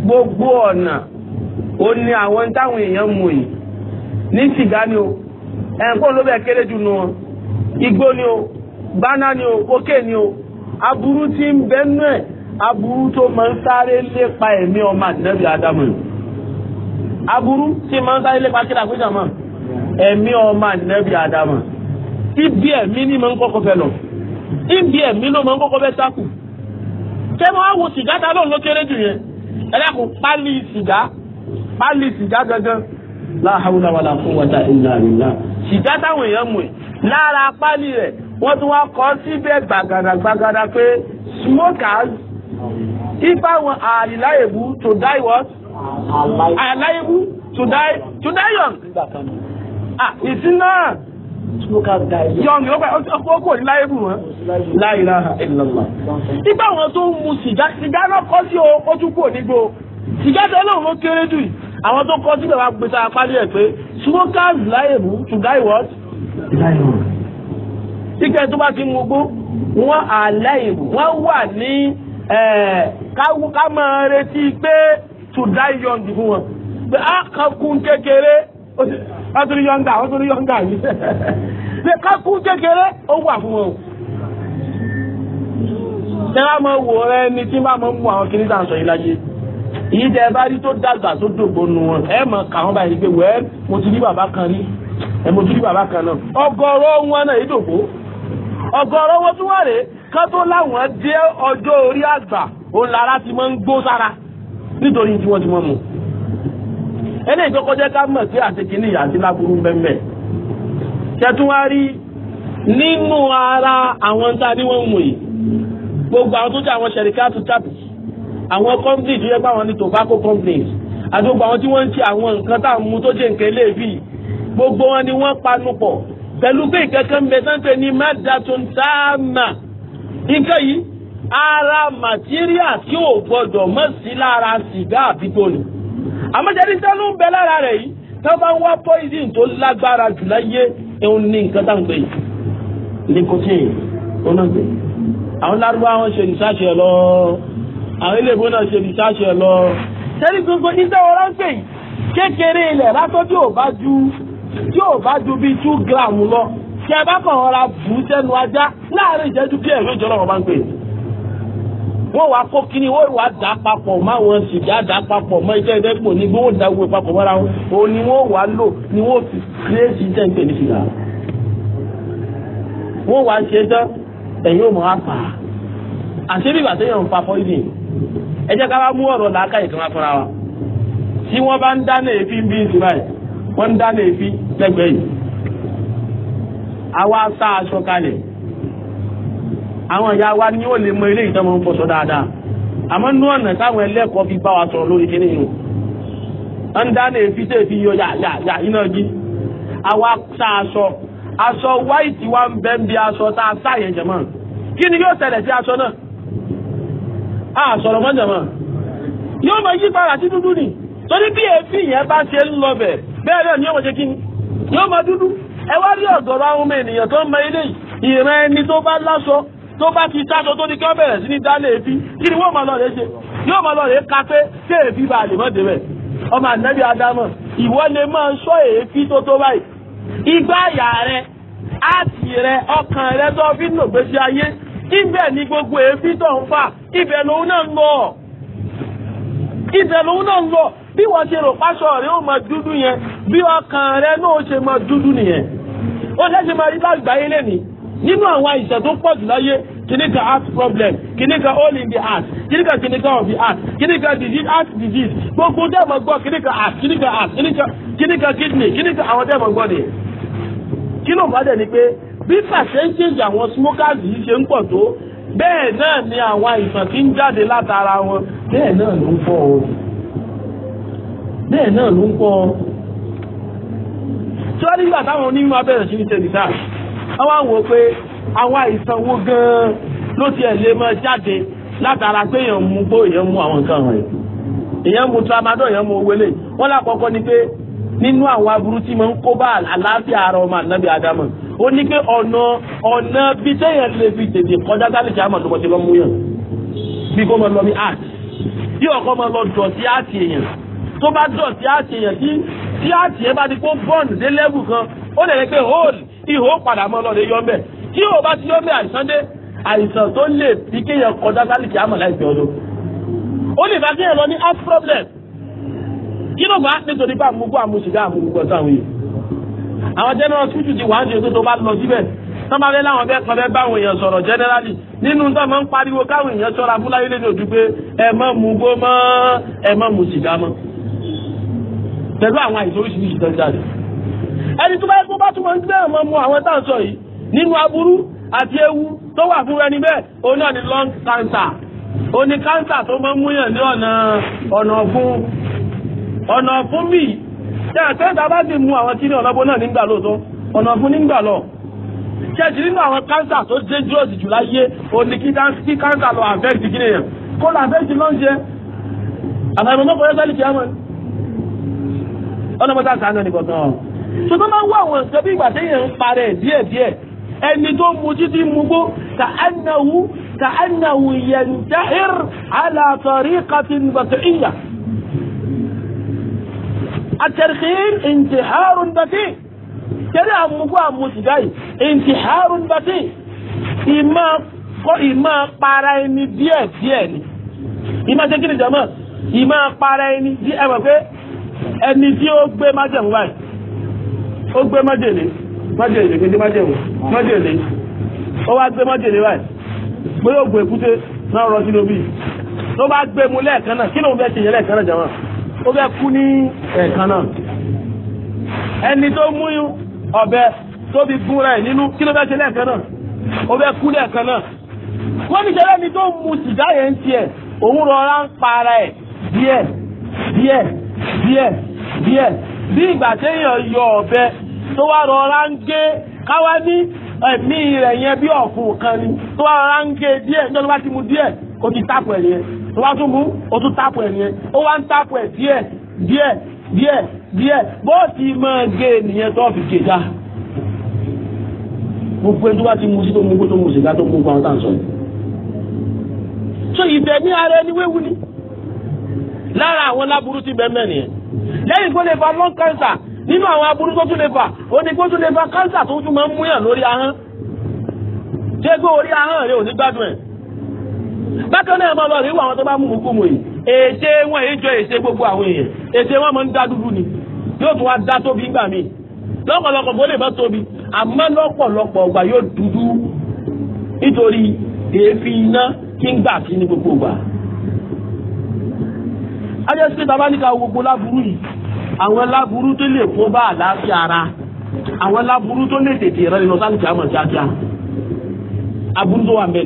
gbogbo ọ̀nà ó ní àwọn táwọn èèyàn mú yìí ní sìgá ni o. ẹ̀ǹkóhùn ló bẹ̀ kéré jù nù wọn igbó ni o gbaná ni o òkè ni o aburú ti ń bẹ nú aburu aburú tó máa ń sáré lépa ẹ̀mí ọmọ àdínẹ́bí adamu aburú tí máa ń sáré lépa kí làkúnjà mọ́ ẹ̀mí ọmọ àdínẹ́bí adamu ibi ẹ̀mí ni máa ń kọ́kọ́ fẹ́ lọ ibi ẹ̀mí ló máa ń kọ́kọ́ sákù ṣé mo á wo sìgá ta lóun ló kéré jù yẹn ẹlẹ́kùn pálí sìgá pálí sìgá gangan sìgá táwọn èèyàn mú lára pálí rẹ̀ wọ́n tún wá kọ́ síbẹ̀ gbàgàdà gbàgàdà pé smokers if àwọn àìláyèbú ah, to die what àìláyèbú ah, to die to die young ah ìsinmi náà yọ̀n yọ̀n ọkọ̀ kò ní láyé bù wọ́n láìra ìlànà. nígbà wọn tó ń mu sìgá sìgá náà kọ́ sí ojúkò nígbò sìgá tó lóun ló kéré jù yìí àwọn tó kọ sílẹ̀ wa gbé sára pálí ẹ̀ pé smokers liable to die what? tíkẹ́ tó bá ti mú gbó wọ́n àlẹ́yìnbó wọ́n wà ní ká máa retí pé to die young fún wọn pé á kankun kékeré wọ́n tún ní yọ̀ǹda wọ́n tún ní yọ̀ǹda yìí pé kankun kékeré ó wà fún wọn o ṣé wàá máa wò ó rẹ ni tí wàá máa mú àwọn kìnnìkan sọ yìí láyé èyí tẹ ẹ bá rí tó dàgbà tó dògbò nu wọn ẹ mọ kà wọn báyìí pé wẹ́ẹ́ mo ti rí bàbá kan rí ẹ mo ti rí bàbá kan náà ọ̀gọ̀rọ̀ wọn náà ìdògbò ọ̀gọ̀rọ̀ wọn tún wà rè ká tó láwọn dé ọjọ́ orí àgbà òun lára ti máa ń gbó sára nítorí tí wọ́n ti máa mú eléyìí tó kọjá ká mọ̀ sí àtẹkìní àti láburú bẹ́ẹ̀ ṣẹ́tún wá rí nínú ara àwọn tá a ní wọ́n mú yìí gbogbo àwọn tó jẹ́ àwọn ṣẹ̀ríkà tó tàbí àwọn company tó yẹ pé àwọn ní tobacco companies àdúgbò àwọn tí wọ́n ń ṣe àwọn nǹkan tá à ń mu tó jẹ́ nǹkan eléèbì gbogbo wọn ni wọ́n panu pọ̀ pẹ̀lú pé ìkẹ́kẹ́ ń bẹ sáńpẹ̀ ní madatun tààmà nǹkan yìí ara màtíríà tí ò gbọdọ̀ mọ̀ sí lára sìgá àbíkó ni àmọ́jáde sẹ́nu ń bẹ lára rẹ̀ yìí tó bá ń wá poison tó lágbára jù láyé ẹ̀hún ní nǹkan tá à ń pè yìí nicotine ó gbé àwọn lárúbáwọn ṣe ìṣàṣe lọ́ọ́ àwọn ilé ìwé náà ṣe ní ṣáṣẹ lọ. sẹ́ni gbogbo iṣẹ́ wọn ránṣẹ́ yìí kékeré ilẹ̀ lásán tí ò bá ju tí ò bá ju bíi two gram lọ tí a bá kàn rọra bù ú sẹ́nu ajá láàárín ìṣẹ́jú kí ẹ̀rọ ìjọ náà wọ́n bá ń pè wọ́n wá kó kíní wọ́n wá dà papọ̀ mọ́ àwọn sìgá dà papọ̀ mọ́ iṣẹ́ ìdẹ́gbò ní gbówó dà gbogbo papọ̀ mọ́ra wọn òun ni wọ́n wá lò ni wọ́n fi kílẹ̀sì jẹ́ ìpè ní sìgá. wọ́n wá ṣe tán ẹ̀yin ò mọ̀ á pa àṣírí ìgbà téèyàn ń ẹ jẹ́ ká wá mú ọ̀rọ̀ làákà yìí wa tí wọ́n bá ń dáná ń bí báyìí wọ́n ń dáná lẹ́gbẹ̀ẹ́ yìí aṣọ kalẹ̀ àwọn ìyá wa ni ó lè mọ eléyìí tó máa ń fọṣọ dáadáa àmọ́ bá wa sọ̀rọ̀ lórí kíní yìí wọ́n ń dáná tó yọ yàyàyà iná jí àwa sá aṣọ wa ń bẹ́ẹ̀ bí aṣọ tá a sá yẹn jẹ̀mọ́ kí ni yóò ṣẹlẹ̀ a ah, sọ̀rọ̀ mọ́jàmọ́ yóò máa yí padà sí dúdú ni torí bí èéfín yẹn bá ṣe ń lọ bẹ̀ bẹ́ẹ̀ náà ni yóò máa ṣe kíni yóò máa dúdú ẹ wá rí ọ̀gọ̀rọ̀ àwọn ọmọ ènìyàn tó ń mọ ilé ìran ẹni tó bá láṣọ tó bá ti sáṣọ tó ní kí wọ́n bẹ̀rẹ̀ sí ní dálé èéfín kí ni wọ́n máa lọ rẹ̀ ṣe yóò máa lọ rẹ̀ ka pé ṣé èéfín bá lè mọ́ débẹ̀ ọmọ ànábì Ádámọ̀ ìwọ lè máa ń sọ èéfín tó tó báyìí igbá àyà rẹ áàtì rẹ ọkàn rẹ tó fi ń ayé ibẹ̀ ni gbogbo èéfín tó ń fà ibẹ̀ lòun náà ń lọ ibẹ̀ lòun náà ń lọ bí wọ́n ṣe rò pásọ rẹ̀ ó mọ dúdú yẹn bí ọkàn rẹ̀ náà ṣe mọ dúdú nìyẹn ó ṣẹ̀ṣẹ̀ máa rí lágbàáyé lẹ́nìí nínú àwọn àìsàn tó pọ̀ jù láyé kìnìkan heart problem kìnìkan hole in the heart kìnìkan kìnìkan of the heart kìnìkan disease heart disease gbogbo dẹ́mọ̀ gbọ́ kìnìkan heart kìnìkan heart kìnìkan kidney kìnìkan àwọn dẹ́mọ̀ gbọ́ nìyẹn ni pé bí percentage àwọn smokers yìí ṣe ń pọ̀ tó bẹ́ẹ̀ náà ni àwọn àìsàn tí ń jáde látara wọn bẹ́ẹ̀ náà ló ń pọ̀ o bẹ́ẹ̀ náà ló ń pọ̀ o tí wọ́n nígbà táwọn onímọ̀ abẹ́rẹ́ sí ní tẹ̀lifà wọ́n wá wò pé àwọn àìsàn wo gan-an ló tiẹ̀ lè máa jáde látara pé èèyàn mú gbó èèyàn mú àwọn nǹkan wọ̀nyí èèyàn mú tramadol èèyàn mú owó lè wọ́n lákọ̀ọ́kọ́ ni pé nínú àwọn aburú tí mo ń kó bá àlàáfíà ara ọmọ ànábì ó ní pé ọ̀nà ọ̀nà bí téèyàn lè fi tètè kọjá sálìkì àmọ̀ tó kọ́ ti lọ́ mú yàn bí kò máa lọ bí art bí ọkọ máa lọ dọ̀tí àti èèyàn tó bá dọ̀tí àti èèyàn tí àti èèyàn bá ti kó bọ́ọ̀nù dé lẹ́bù kan ó lè rí pé hole ihò padà máa lọ lè yọ mẹ́ tí ò bá ti yọ mẹ́ àìsàn dé àìsàn tó lè fi kéèyàn kọjá sálìkì àmọ̀ láìpẹ́ ọdún ó lè bá kéèyàn lọ ní heart problem kí ló bá nítorí bá àmúgbó àmúṣìgá àmúgbó àwọn general hospital ti wà á ṣe pé tó bá lọ síbẹ̀ tán bá fẹ́ láwọn fẹ́ kan fẹ́ báwọn èèyàn sọ̀rọ̀ generally nínú tó máa ń pariwo káwọn èèyàn sọ̀rọ̀ abúláyé lé ní òdu pé ẹ má mu gbó mọ́ ẹ má mu sìgá mọ́ pẹ̀lú àwọn àìsàn oríṣiríṣi tó ń jáde. ẹni tó bá yẹ kó bá tún máa ń gbé àwọn ọmọ àwọn tá à ń sọ yìí nínú aburú àti ewu tó wà fún ẹni bẹ́ẹ̀ òun náà ni lung cancer òun ni cancer tó máa ń múyàn ní ọ̀nà ọ̀nà ọ̀fun ọ̀nà ọ̀fun míì ṣẹ́ẹ̀ṣẹ́ ta bá sì mú àwọn kíní ọ̀nàbó náà nígbà lóòótọ́ ọ̀nà fún nígbà lọ ṣẹ́ẹ̀ṣì nínú àwọn kánsà tó dangerous jù láyé òní kí kánsà lọ affect kíní yẹn kó lọ affect ló ń ṣe àtàwọn ọmọ kọjá sálì kìámọ ọ̀nà mọ́tà sànà nìkan tán ṣe tó máa ń wá àwọn nǹkan bí àtẹ̀rẹ̀kìn ìntìhárùn bàtì tẹ́lẹ̀ àmúgbó àmúsìgá yìí ìntìhárùn bàtì ìmọ̀ kọ́ ìmọ̀ para ẹni díẹ̀ díẹ̀ ni ìmọ̀ ṣe kí ni jọ̀mọ́ ìmọ̀ para ẹni díẹ̀ ẹ mọ̀ pé ẹni tí ó gbé májẹ̀mú báyìí ó gbé májèlé májèlé kejì májèmú májèlé ó wá gbé májèlé báyìí pé ó gbé èkúté náà rọ sínú bíi tó bá gbé mu lẹ́ẹ̀kan náà kí ló ń fẹ́ ṣe yẹn lẹ́ẹ̀kan ó fẹ́ kú náà ẹni tó mú ọ̀bẹ tó fi gún rẹ̀ nínú kí ló fẹ́ ṣe lẹ́ẹ̀kan náà ó fẹ́ kú náà wọ́n ní tó mu sìgá yẹn ń tiẹ̀ òun rọra ń para ẹ̀ díẹ̀ díẹ̀ díẹ̀ díẹ̀ bí ìgbà yọ ọ̀bẹ tó wá rọra ń gé káwá ní ẹ̀mí rẹ̀ yẹn bí ni tó wá rọra ń gé díẹ̀ níjọ́ mu díẹ̀ ti ẹ̀ tó bá tún mú o tún tápù ẹ̀ nìyẹn ó wá ń tápù ẹ̀ díẹ̀ díẹ̀ díẹ̀ díẹ̀ bó ti máa gé e nìyẹn tó fi kéjà e gbogbo ẹni tó bá ti mu sí tó mu kó tó mu sìgá tó mu kó àwọn tá yìí. so ìfẹ́ ní ara ẹni wéwu ni lára àwọn láburú ti bẹ́ẹ̀ mẹ́rin yẹn lẹ́yìn tó lè fa lung cancer nínú àwọn aburú tó tún lè fa ó ní kó tún lè fa cancer tó tún máa ń múyàn lórí ahọ́n ṣé gbé orí ahọ́n rẹ ò ní gbádùn ẹ̀ bákan náà máa lọ rí wọ àwọn tó bá mú òkú mọ̀ yìí ète wọn èyí jọ gbogbo àwọn èèyàn ète wọn máa ń dá dúdú ni yóò tún wá dá tóbi gbà mí lọ́pọ̀lọpọ̀ bó lè má tóbi àmọ́ lọ́pọ̀lọpọ̀ ọgbà yóò dúdú nítorí èéfín iná kí ń gbà kí ní gbogbo gbà. ajẹ́ sí bàbá ní ká gbogbo láburú yìí àwọn láburú tó lè kó bá àlàáfíà ara àwọn láburú tó lè tètè rẹ lọ sáà ní kí á mọ̀ kíákíá aburú tó wà ń bẹ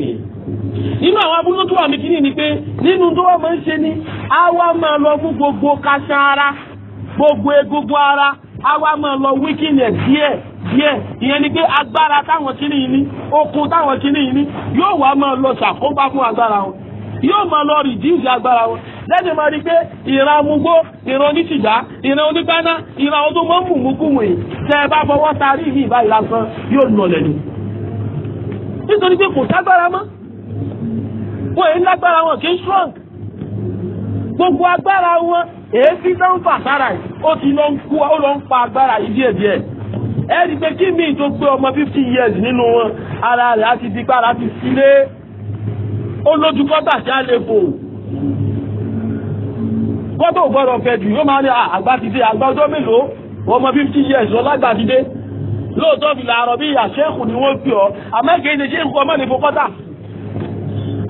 inú àwọn abúlé tó wà mí kíní ni pé nínú tó wà máa ń ṣe ni á wá máa lọ fún gbogbo ara gbogbo egungun ara á wá máa lọ wíkìnẹ̀ díẹ̀ ìyẹn ni pé agbára táwọn kíní yìí ní okun táwọn kíní yìí ní yóò wá máa lọ ṣàkóbá fún agbára wọn yóò máa lọ rìdíìsì agbára wọn lẹ́nu máa rí pé ìran amúgbó ìran oníṣìjà ìran onígbáná ìran ọdún máa ń ni. nítorí pé kò ságbára wọn èyí lágbára wọn kì í strong gbogbo agbára wọn èéfì tó ń fà sára yìí ó ti lọ ń kú ó lọ ń pa agbára yìí díẹ̀ díẹ̀ ẹ rí i pé kí mi tó gbé ọmọ fifty years nínú wọn ara rẹ̀ á ti di gbára ti sílé ó lójú kọ́tà sí àlefò kọ́tà ò gbọ́dọ̀ fẹ́ jù yóò máa ní àgbà ti dé àgbà ọjọ́ mélòó ọmọ fifty years lọ lágbà ti dé lóòótọ́ fi làárọ̀ bí àṣẹ́kù ni wọ́n pè ọ́ àmọ́ èkéyìí ni ṣé nǹkan ọmọ nìfọ́ kọ́tà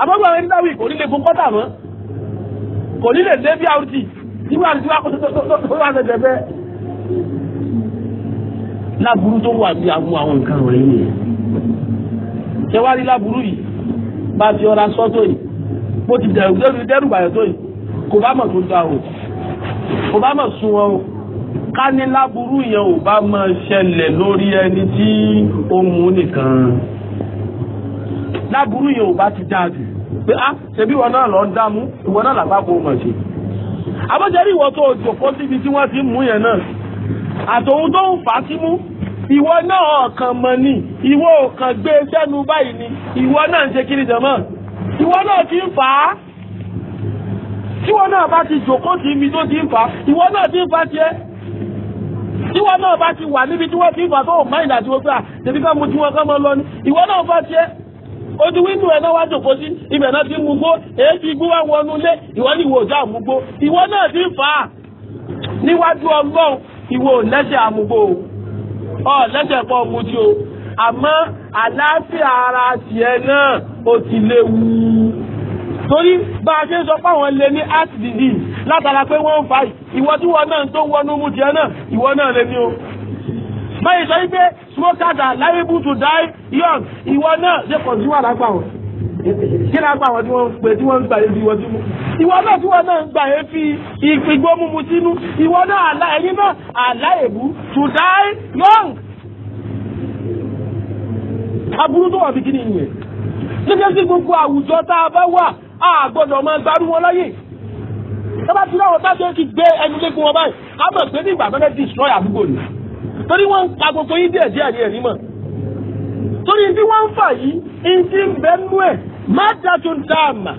àbọ̀bọ̀ àwọn ẹ̀dáwì kò ní lè gun kọ́tà mọ́ kò ní lè dé bí àwùjì nígbà tí wàá kó tó wà lẹ́sẹ̀ bẹ́ẹ̀. láburú tó wà bí àwọn àwọn nǹkan rẹ̀ yìí ṣé wàá rí láburú yìí bá fi ọra sọ́ tó yìí bó ti dẹrù dẹrù bàyẹ̀ tó yìí kò bá mọ̀ tó da o kò bá mọ̀ sun wọn o ká ní láburú yẹn ò bá mọ̀ ṣẹlẹ̀ lórí ẹni tí ó mú nìkan láburú yẹn ò bá ti dáa jù pé á ah, ṣebí wọn náà lọ ń dámú ìwọ náà làbápọ̀ mọ̀ ṣe. àbọ̀jẹ́rì ìwọ tó o jòkó síbi tí wọ́n ti mú yẹn náà àtòun tó ń fà á símú ìwọ náà kàn mọ̀ ni ìwọ ò kàn gbé e sẹ́nu báyìí ni ìwọ náà ń ṣe kiri jẹ̀mọ́ ìwọ náà ti ń fà á tí wọn náà bá ti jòkó sí ibi tó ti ń fà á ìwọ náà ti ń fà á tiẹ̀ tí wọn náà bá ti wà níbi tí wọn ti ń fà á tó ò àti wọn fà á tiẹ̀ ojú wíńdò ẹ̀ náà wá jòkó sí ibẹ̀ náà ti ń mugbó èéfì igbó wá wọnú ilé ìwọ ni ìwò òjá àmugbó ìwọ náà ti ń fà á níwájú ọlọ́run ìwọ lẹ́sẹ̀ àmugbó o lẹ́sẹ̀ pọ̀ mutí o àmọ́ àlàáfíà ara tiẹ̀ náà ó ti léwu torí bá a ṣe ń sọ fáwọn lè ní heart disease látara pé wọ́n ń fa ìwọ tí wọn náà tó wọnú mú tiẹ̀ náà ìwọ náà lè ní o. báyìí sọ wípé smokers are liable to die young ìwọ náà ṣe consumer lágbà wọn kí ni àgbà wọn tí wọ́n pè tí wọ́n ń gbà ebi ìwọ tí mu ìwọ náà tí wọ́n náà ń gbà ebi ìgbó mímu sínú ìwọ náà àlá ẹ̀yin náà àlá èbú to die young aburú tó wà fi kíni ìwé nígbà tí gbogbo àwùjọ tá a bá wà á gbọ́dọ̀ máa gbárù wọn láyè tábà tí láwọn tá a jẹ́ kí gbé ẹnu lé fún wọn báyìí á mọ̀ pé ní ìgbà mẹ́fẹ́ destroy àdúgbò ni torí wọ́n ń pa gbogbo yín díẹ̀ díẹ̀ ní ẹ̀rí mọ̀ torí tí wọ́n ń fà yìí ń ti ń bẹ́ nú ẹ̀ má dájú dá àmà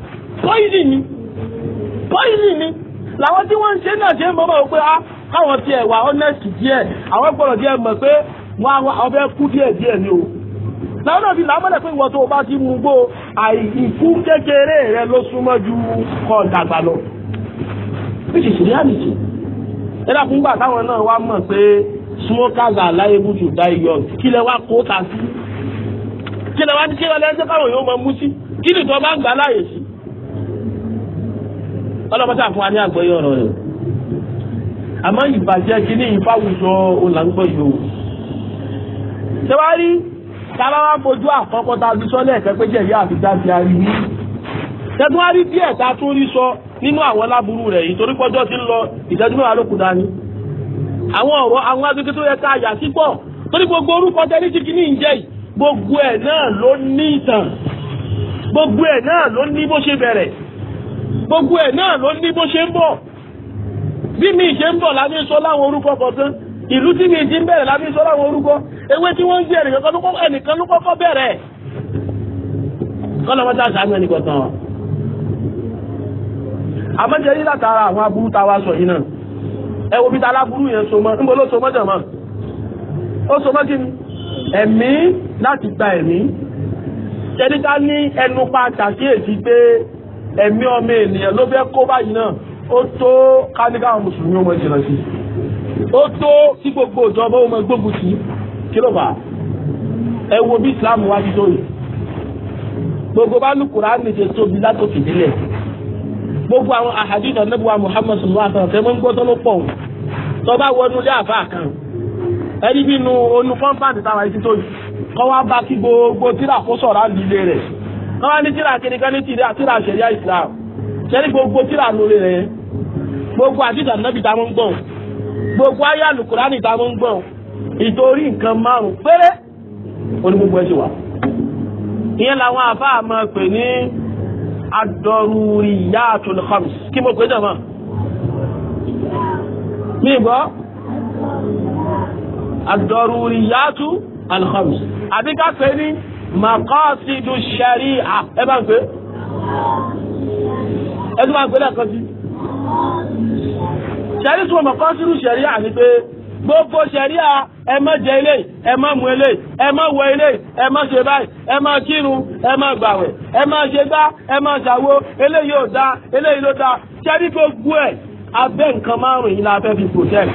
pọ́ìlì ni pọ́ìlì ni làwọn tí wọ́n ń ṣe náà ṣe ń mọ́mọ́ wípé á ah, káwọn ti ẹ̀wà ọ́nẹ́sì díẹ̀ àwọn gbọ́dọ̀ díẹ̀ mọ̀ pé wọ́n á fẹ́ kú díẹ̀ díẹ̀ ni o làwọn náà fi làmọ́lẹ̀ pé ìwọ tó o bá ti mú gbó àìkú kékeré rẹ ló súnmọ́ ju kọ́ dàgbà lọ. bí ṣèṣìlẹ̀ àlejò ẹ̀dá fún gbà táwọn náà wá mọ̀ pé smokers are liable to die young kí lẹ wá kó ta sí kí lẹ wá ní kí lẹ ṣe káwọn yóò máa mú sí kí ni tó bá gbà láàyè sí. ọlọ́mọṣẹ́ àfún wa ní àgbẹ̀yẹ ọ̀rọ̀ rẹ̀ àmọ́ ìbàjẹ́ kínní ìfáwùjọ olàǹgbọ̀ yìí o. ṣé wàá rí tábà wá fojú àkọ́kọ́ tá a fi sọ́lẹ̀ ẹ̀kẹ́ pé jẹ̀bi àfijá ti a rí ní. ṣẹ́gun wá rí díẹ̀ tá a tún rí sọ nínú àwọn láburú rẹ̀ yìí torí pọ́jọ́ ti ń lọ ìṣẹ́jú mẹ́wàá ló kù dání àwọn ọ̀rọ̀ àwọn agbègbè tó yẹ ká yà sí pọ̀ torí gbogbo orúkọ tẹ́lí tí kìíní ń jẹ́ yìí gbogbo ẹ̀ náà ló ní ìtàn gbogbo ẹ̀ náà ló ní bó ṣe bẹ̀rẹ̀ gbogbo ẹ̀ náà ló ní bó ṣe ń bọ̀ bí mi ṣe ń bọ̀ lábí sọ láwọn orúkọ kọ̀ọ̀kan ìlú tí mi ti ń bẹ̀rẹ̀ lábí sọ láwọn orúkọ ewé tí wọ́n ń jẹ ẹnìkan ló kọ́kọ́ bẹ̀rẹ̀ kọ́lọ́mọ́tà sàánú ẹnì kọ̀ọ̀kan àmọ́jẹ́ yìí ẹ wo bí ta aláburú yẹn so mọ́ níbo ló so mọ́ jẹ̀ mọ́ ó so mọ́ kí ni ẹ̀mí láti gba ẹ̀mí tẹ́lí ká ní ẹnu pa ṣàkíyèsí pé ẹ̀mí ọmọ ènìyàn ló fẹ́ kó báyìí náà ó tó káníkà àwọn mùsùlùmí ọmọ ìjìnlẹ̀ sí ó tó sí gbogbo ìjọba ọmọ gbógun sí kí ló bá ẹ wo bí Islam wá ti tó gbogbo bá ní Kùránì tóbi látòkè nílẹ̀ gbogbo àwọn àhàdìsì anábùwà Muhammad sallallahu alaihi wa sallam tẹ́ mọ́ ń gbọ́ tó ló pọ̀ tó bá wọnú ilé àfà kan ẹni bí nu onú kọ́ńpáàdì táwa yìí ti tó yìí kọ́ wá bá kí gbogbo tíra kó sọ̀rọ̀ àlù ilé rẹ̀ kọ́ wá ní tíra kiri kan ní tíra ṣẹ̀ríà Islam ṣẹ́ni gbogbo tíra lórí rẹ̀ gbogbo àdìsì anábì tá a mọ́ ń gbọ́n gbogbo ayé alukurani tá a mọ́ ń gbọ́n ìtorí nǹkan márùn-ún péré onígbogbo ẹ̀ ṣe wà ìyẹn làwọn àfáà máa pè ní ad-daruriyatul khams kí mo pè jàmá mi gbọ́ ad-daruriyatul khams àbí ká pè ní maqasidu shari'a ẹ bá ń pè ẹ tó bá ń pè lẹ́ẹ̀kan ṣẹ̀rí tó maqasidu shari'a ni pé gbogbo ṣẹ̀ríà ẹ má jẹ ilé ẹ má mu ilé ẹ má wọ ilé ẹ má ṣe báyìí ẹ má kírun ẹ má gbàwẹ̀ ẹ má ṣe gbá ẹ má ṣàwo eléyìí ò da eléyìí ló da ṣẹ́rí gbogbo ẹ̀ abẹ́ nǹkan márùn-ún yìí la fẹ́ fi protect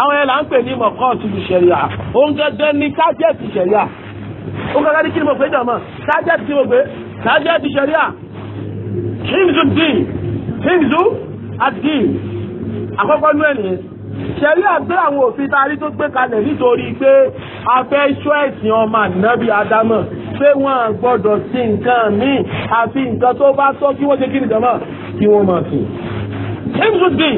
àwọn yẹn là ń pè ní mọ̀kọ́ọ̀tù ṣẹ̀ríà òun gẹ́gẹ́ ní tájẹ́ẹ̀tì ṣẹ̀ríà ó gẹ́gẹ́ ní kí ni mo pè jọ̀mọ́ tájẹ́ẹ̀tì kí mo pè tájẹ́ẹ̀tì ṣẹ̀ríà kí ni zu dín kí ni zu àdín àkọ́kọ́ nú ẹ̀ nìyẹn ṣẹ̀rí àgbé àwọn òfin tarí tó gbé kalẹ̀ nítorí pé a fẹ́ ṣọ́ ẹ̀sìn ọmọ ànábì ádámọ̀ pé wọ́n gbọ́dọ̀ sí nǹkan míì àfi nǹkan tó bá tọ́ kí wọ́n ṣe kí nìkan mọ̀ kí wọ́n máa sìn. ibùdín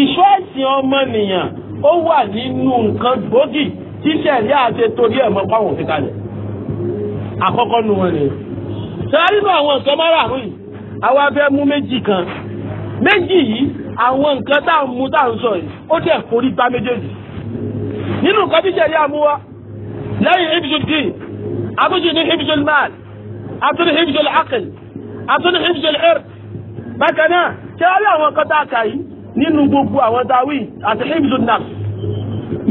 ìṣọ́ ẹ̀sìn ọmọnìyàn ó wà nínú nǹkan gbòógì tí ṣẹ̀rí àti torí ẹ̀mọ́ pàwọn òfin kalẹ̀. àkọ́kọ́ nu wọn ni ṣẹ́rí nínú àwọn nǹkan márààrún yìí àwa fẹ́ mú méjì kan méjì yìí àwọn nǹkan tá à ń mu tá à ń sọ yìí ó dẹ̀ forí gbá méjèèjì nínú nǹkan tí ìṣẹ̀lẹ̀ àmúwá lẹ́yìn hibsul din àtúnṣe ní hibsul mal àtúnṣe hibsul akil àtúnṣe hibsul ird bákan náà ṣé wọ́n rí àwọn nǹkan tá a kà yìí nínú gbogbo àwọn dáwì àti hibsul nafs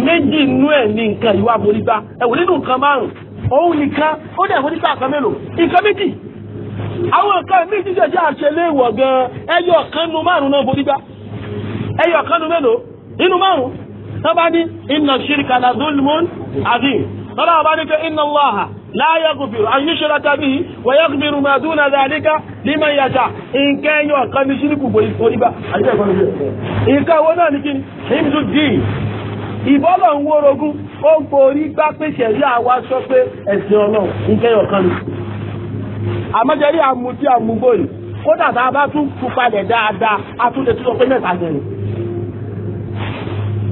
méjì inú ẹ̀ ní nǹkan ìwà forí gbá ẹ̀wọ̀n nínú nǹkan márùn-ún òun nìkan ó dẹ̀ fún títà kan mélòó nǹkan méjì àwọn nǹkan méjì jẹ́jẹ́ àṣẹlé ìwọ̀ gan-an ẹyọ kan nu márùn-ún náà forí gbá ẹyọ kan nu mélòó inú márùn ní la zulmun azim ní pé ma duna dhalika ẹyọ kan ní bò nǹkan owó náà ní kí ni himdu dín ìbọ́lọ̀ ń wórogún ó ń forí gbá pé ṣẹ̀rí àwa sọ pé ẹ̀sìn ọlọ́run ẹyọ kan ni. àmọ́jẹ́rí àmú tí àmúgbò yìí kódà tá a bá tún tupalẹ̀ dáadáa a tún lè tún sọ pé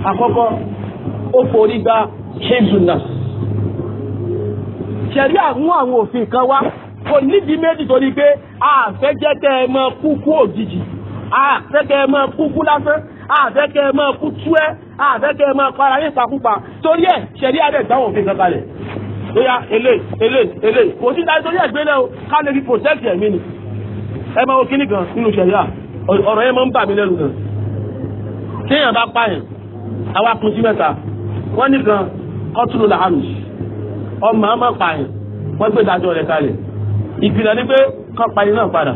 àkọ́kọ́ ó forí gba hezunna ṣẹ̀rí àwọn àwọn òfin kan wá kò nídìí méjì torí pé àfẹ́jẹ́ tẹ́ ẹ mọ kúkú òjijì àfẹ́kẹ́ ẹ mọ kúkú lásán àfẹ́kẹ́ ẹ mọ kú tú ẹ àfẹ́kẹ́ ẹ mọ para ní ìpakúpa torí ẹ̀ ṣẹ̀rí àdẹ̀ ìdáhùn òfin kan kalẹ̀ lóyá ele ele ele kò sí dájú torí ẹ̀ gbé lẹ́wọ̀ ká lè fi protect ẹ̀mí ni ẹ máa wo kíní kan nínú ṣẹ̀rí à ọ̀rọ̀ yẹn máa ń bà mí lẹ́nu gan kéèyàn àwa kun sí mẹ́ta wọ́n nìkan kọ́tùlù làárùs ọmọ àmọ́ pààyàn wọ́n gbé dájọ́ rẹ̀ kalẹ̀ ìpìlẹ̀ ni pé kọ́ pa iná padà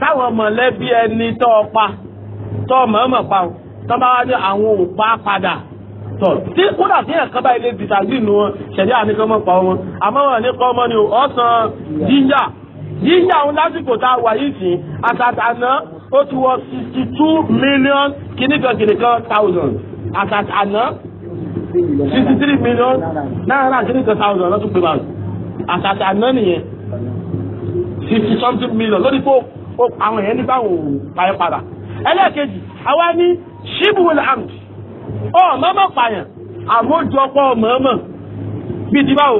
táwọn mọ̀lẹ́bí ẹni tọ́ ọ pa tọ́ ọ mọ̀ọ́mọ̀ pa ọ tọ́ bá wá ní àwọn ò pa padà tọ̀ tí kódà tí ẹ̀ka bá ilé dìtàgì nu wọn ṣẹ̀dí àníkàn mọ̀ pa wọn àmọ́ wọn ní kọ́ ọmọ ni ọ̀sán jíjà jíjà òun lásìkò tá a wà yìí sìn àtàtà náà ó ti wọ sixty two million kìnnìkan kìnnìkan thousand àtàtà àná sixty three million nine hundred and three thousand lọ́tún pé báyìí àtàtà àná nìyẹn sixty something million lórí pé àwọn èèyàn ní báwọn ò parí padà ẹlẹ́ẹ̀kejì àwa ní shibul amd ọ mọ́mọ́ pààyàn àmójọpọ̀ mọ́mọ́ bíi ti báwo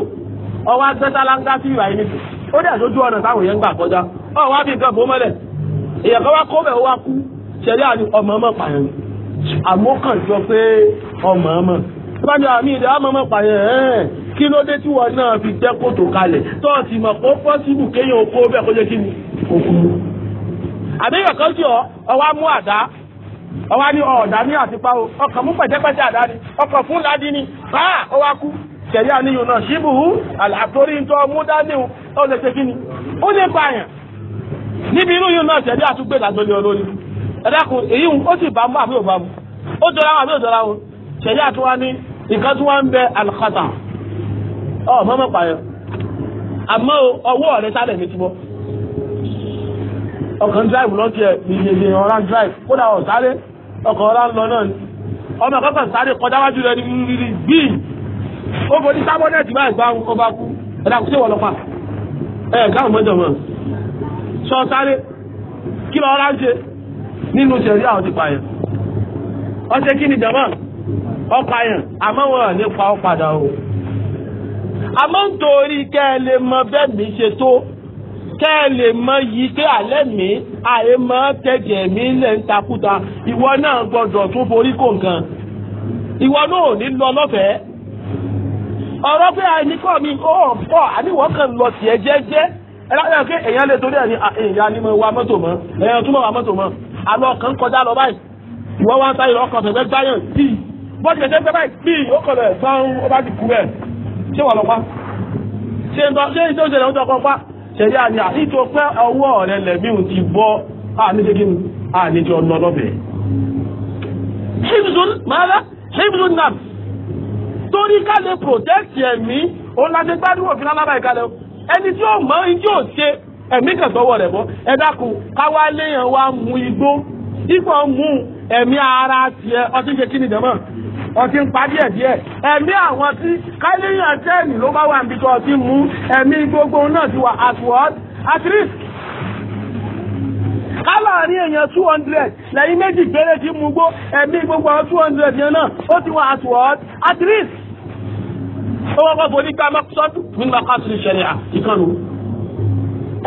ọwọ́ agbẹ́sálángá sí ìwà yìí nìkan ó dẹ̀ lójú ọ̀nà táwọn èèyàn gbà kọjá ọ wá bí nǹkan bò mọ́lẹ̀ èèyàn kan wá kó bẹ̀ wá kú ṣẹlẹ́ àní ọmọ mọ́ pààyàn ni àmókànjọ pé ọmọ ọmọ bájọ àmì ìdá àmọ́mọ́ pààyàn ẹ̀ẹ́n kí ló dé tí wọn náà fi jẹ́ kòtò kalẹ̀ tó o sì mọ̀ kó pọ́sibù kéèyàn okó bẹ́ẹ̀ kó jẹ́ kí ni òkú. àbẹ́yọ̀ kan jọ ọwọ́ mú àdá ọwọ́ ní ọ̀dà ní àtipa o ọkàn mú pẹ̀tẹ́pẹ̀tẹ́ àdá ni ọkàn fún ládì ni báà ó wá kú tẹ̀lé àníyàn náà ṣíbù àtòrí tó mú dání o ó lè ṣe kí ni ó lè pààyàn níbi irú yìí náà tẹ̀lé àtúgbè làgbélé olórí ẹ dákun èyí ó sì bá mú àbí ò bá mú ó jọra wọn àbí ò jọra àtúwá ní nǹkan tí ń bẹ ọ mọmọ pààyàn àmọ́ ọwọ́ rẹ sálẹ mi ọkàn drive lọ́ọ́ tiẹ̀ ìyèyè ọ̀rá drive kódà ọ̀ sáré ọkọ̀ ọ̀rá lọ náà ni ọmọ kọ́kọ́ sáré kọjá wájú rẹ ní rírì ó kí nínú sẹ̀rí àwọn ti pààyàn ọ̀sẹ̀ kí ni jàmá ọ̀pààyàn àmọ́ wọn à ní pa ọ́ padà o àmọ́ nítorí kẹ́ ẹ lè mọ bẹ́ẹ̀ mi ṣe tó kẹ́ ẹ lè mọ yìí pé àlẹ́ mi àyè mọ́ tẹ̀jẹ̀ mi lẹ̀ ń takúta ìwọ náà gbọ́dọ̀ tún forí kò nǹkan ìwọ náà ò ní lọ lọ́fẹ̀ẹ́ ọ̀rọ̀ pé àìníkọ́ mi ó pọ̀ àníwọ̀ kan lọ tiẹ̀ jẹ́jẹ́ ẹ láti ẹ̀ pé èèyàn lè torí ẹ̀ ní èèyàn ni mo wa mọ́tò mọ́ èèyàn tún mọ́ wa mọ́tò mọ́ àlọ́ kan kọjá lọ báyìí ìwọ́n wá ń sáré ọkọ̀ fẹ̀gbẹ́ gbáyàn tí bọ́ọ̀dì kẹ̀kẹ́ gbẹ́ báyìí tí ó kọlẹ̀ sáún ó bá ti kú rẹ̀ ṣé wà lọ́pàá ṣé ìṣe òṣèlè ọjọ́ kan pa ṣẹ̀yà ni àtìtò pé ọwọ́ rẹ̀ lẹ̀mí ò ti bọ́ àníjẹ́gí àníjẹ́ ọ̀nà lọ́bẹ̀ẹ́. hibzun mara hibzun nam torí ká lè protect ẹ̀mí òun láti gbádùn òfin alábàáyé kalẹ̀ ẹni tí ó mọ ẹ̀mí kan sọ́wọ́ rẹ̀ bọ́ ẹ dákun káwá léèyàn wá mu igbó ikọ̀ mu ẹ̀mí ara tiẹ̀ ọtí ṣe kí ni dẹ̀mọ́ ọtí ń pa díẹ̀ díẹ̀ ẹ̀mí àwọn tí káléèyàn tẹ́ẹ̀nì ló bá wà níbi tó ọtí mu ẹ̀mí gbogbo náà ti wà at what at risk káláàrin èèyàn two hundred lẹ́yìn méjì péré ti mú gbó ẹ̀mí gbogbo àwọn two hundred yẹn náà ó ti wà at what ó wọ́n kọ́ fún onígbà mọ́kúsọ́tù nínú àkásùn ìṣẹ̀lẹ̀ ìkànnì.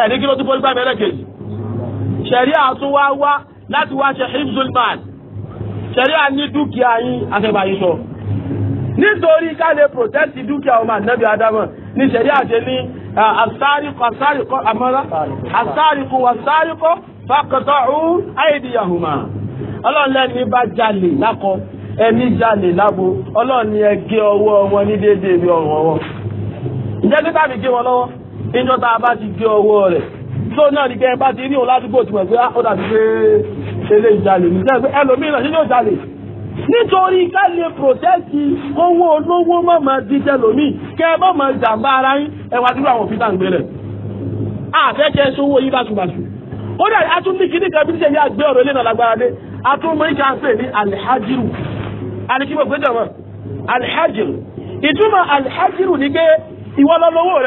ẹ̀rí kí ló tún forí gbàgbé lẹ́kẹ̀jì ṣẹ̀rí àtún wá wá láti wá ṣe hibzul ṣẹ̀rí à ní dúkìá yín sọ nítorí ká lè dúkìá ọmọ ànábì ádámọ̀ ní ṣẹ̀rí àti ní asárikọ asárikọ àmọ́ra asárikọ wasárikọ faqta'u aydiyahuma ọlọ́run lẹ́ni bá jalè lákọ ẹni jalè lábo ni ọwọ́ wọn ní déédéé bí ọrùn ọwọ́ níjọ́ tá a bá ti gé ọwọ́ rẹ̀ tó náà ní ẹ bá ti rí òun ládùúgbò tí wọ́n gbé ah, ó dàbí pé ìjàlè ẹlòmíràn ṣe ní òjàlè nítorí ká lè owó olówó mọ̀ mọ́ di tẹlomi kẹ́ ẹ mọ̀ mọ́ jàǹbá ara yín ẹ wá dúró àwọn òfin tá à ń gbé rẹ̀ àfẹ́kẹ́ sówó yín báṣubàṣu ó dà á tún ní kíní kan bí ṣe ní àgbẹ̀ ọ̀rọ̀ ilé náà lágbára dé a tún mọ̀ ìṣe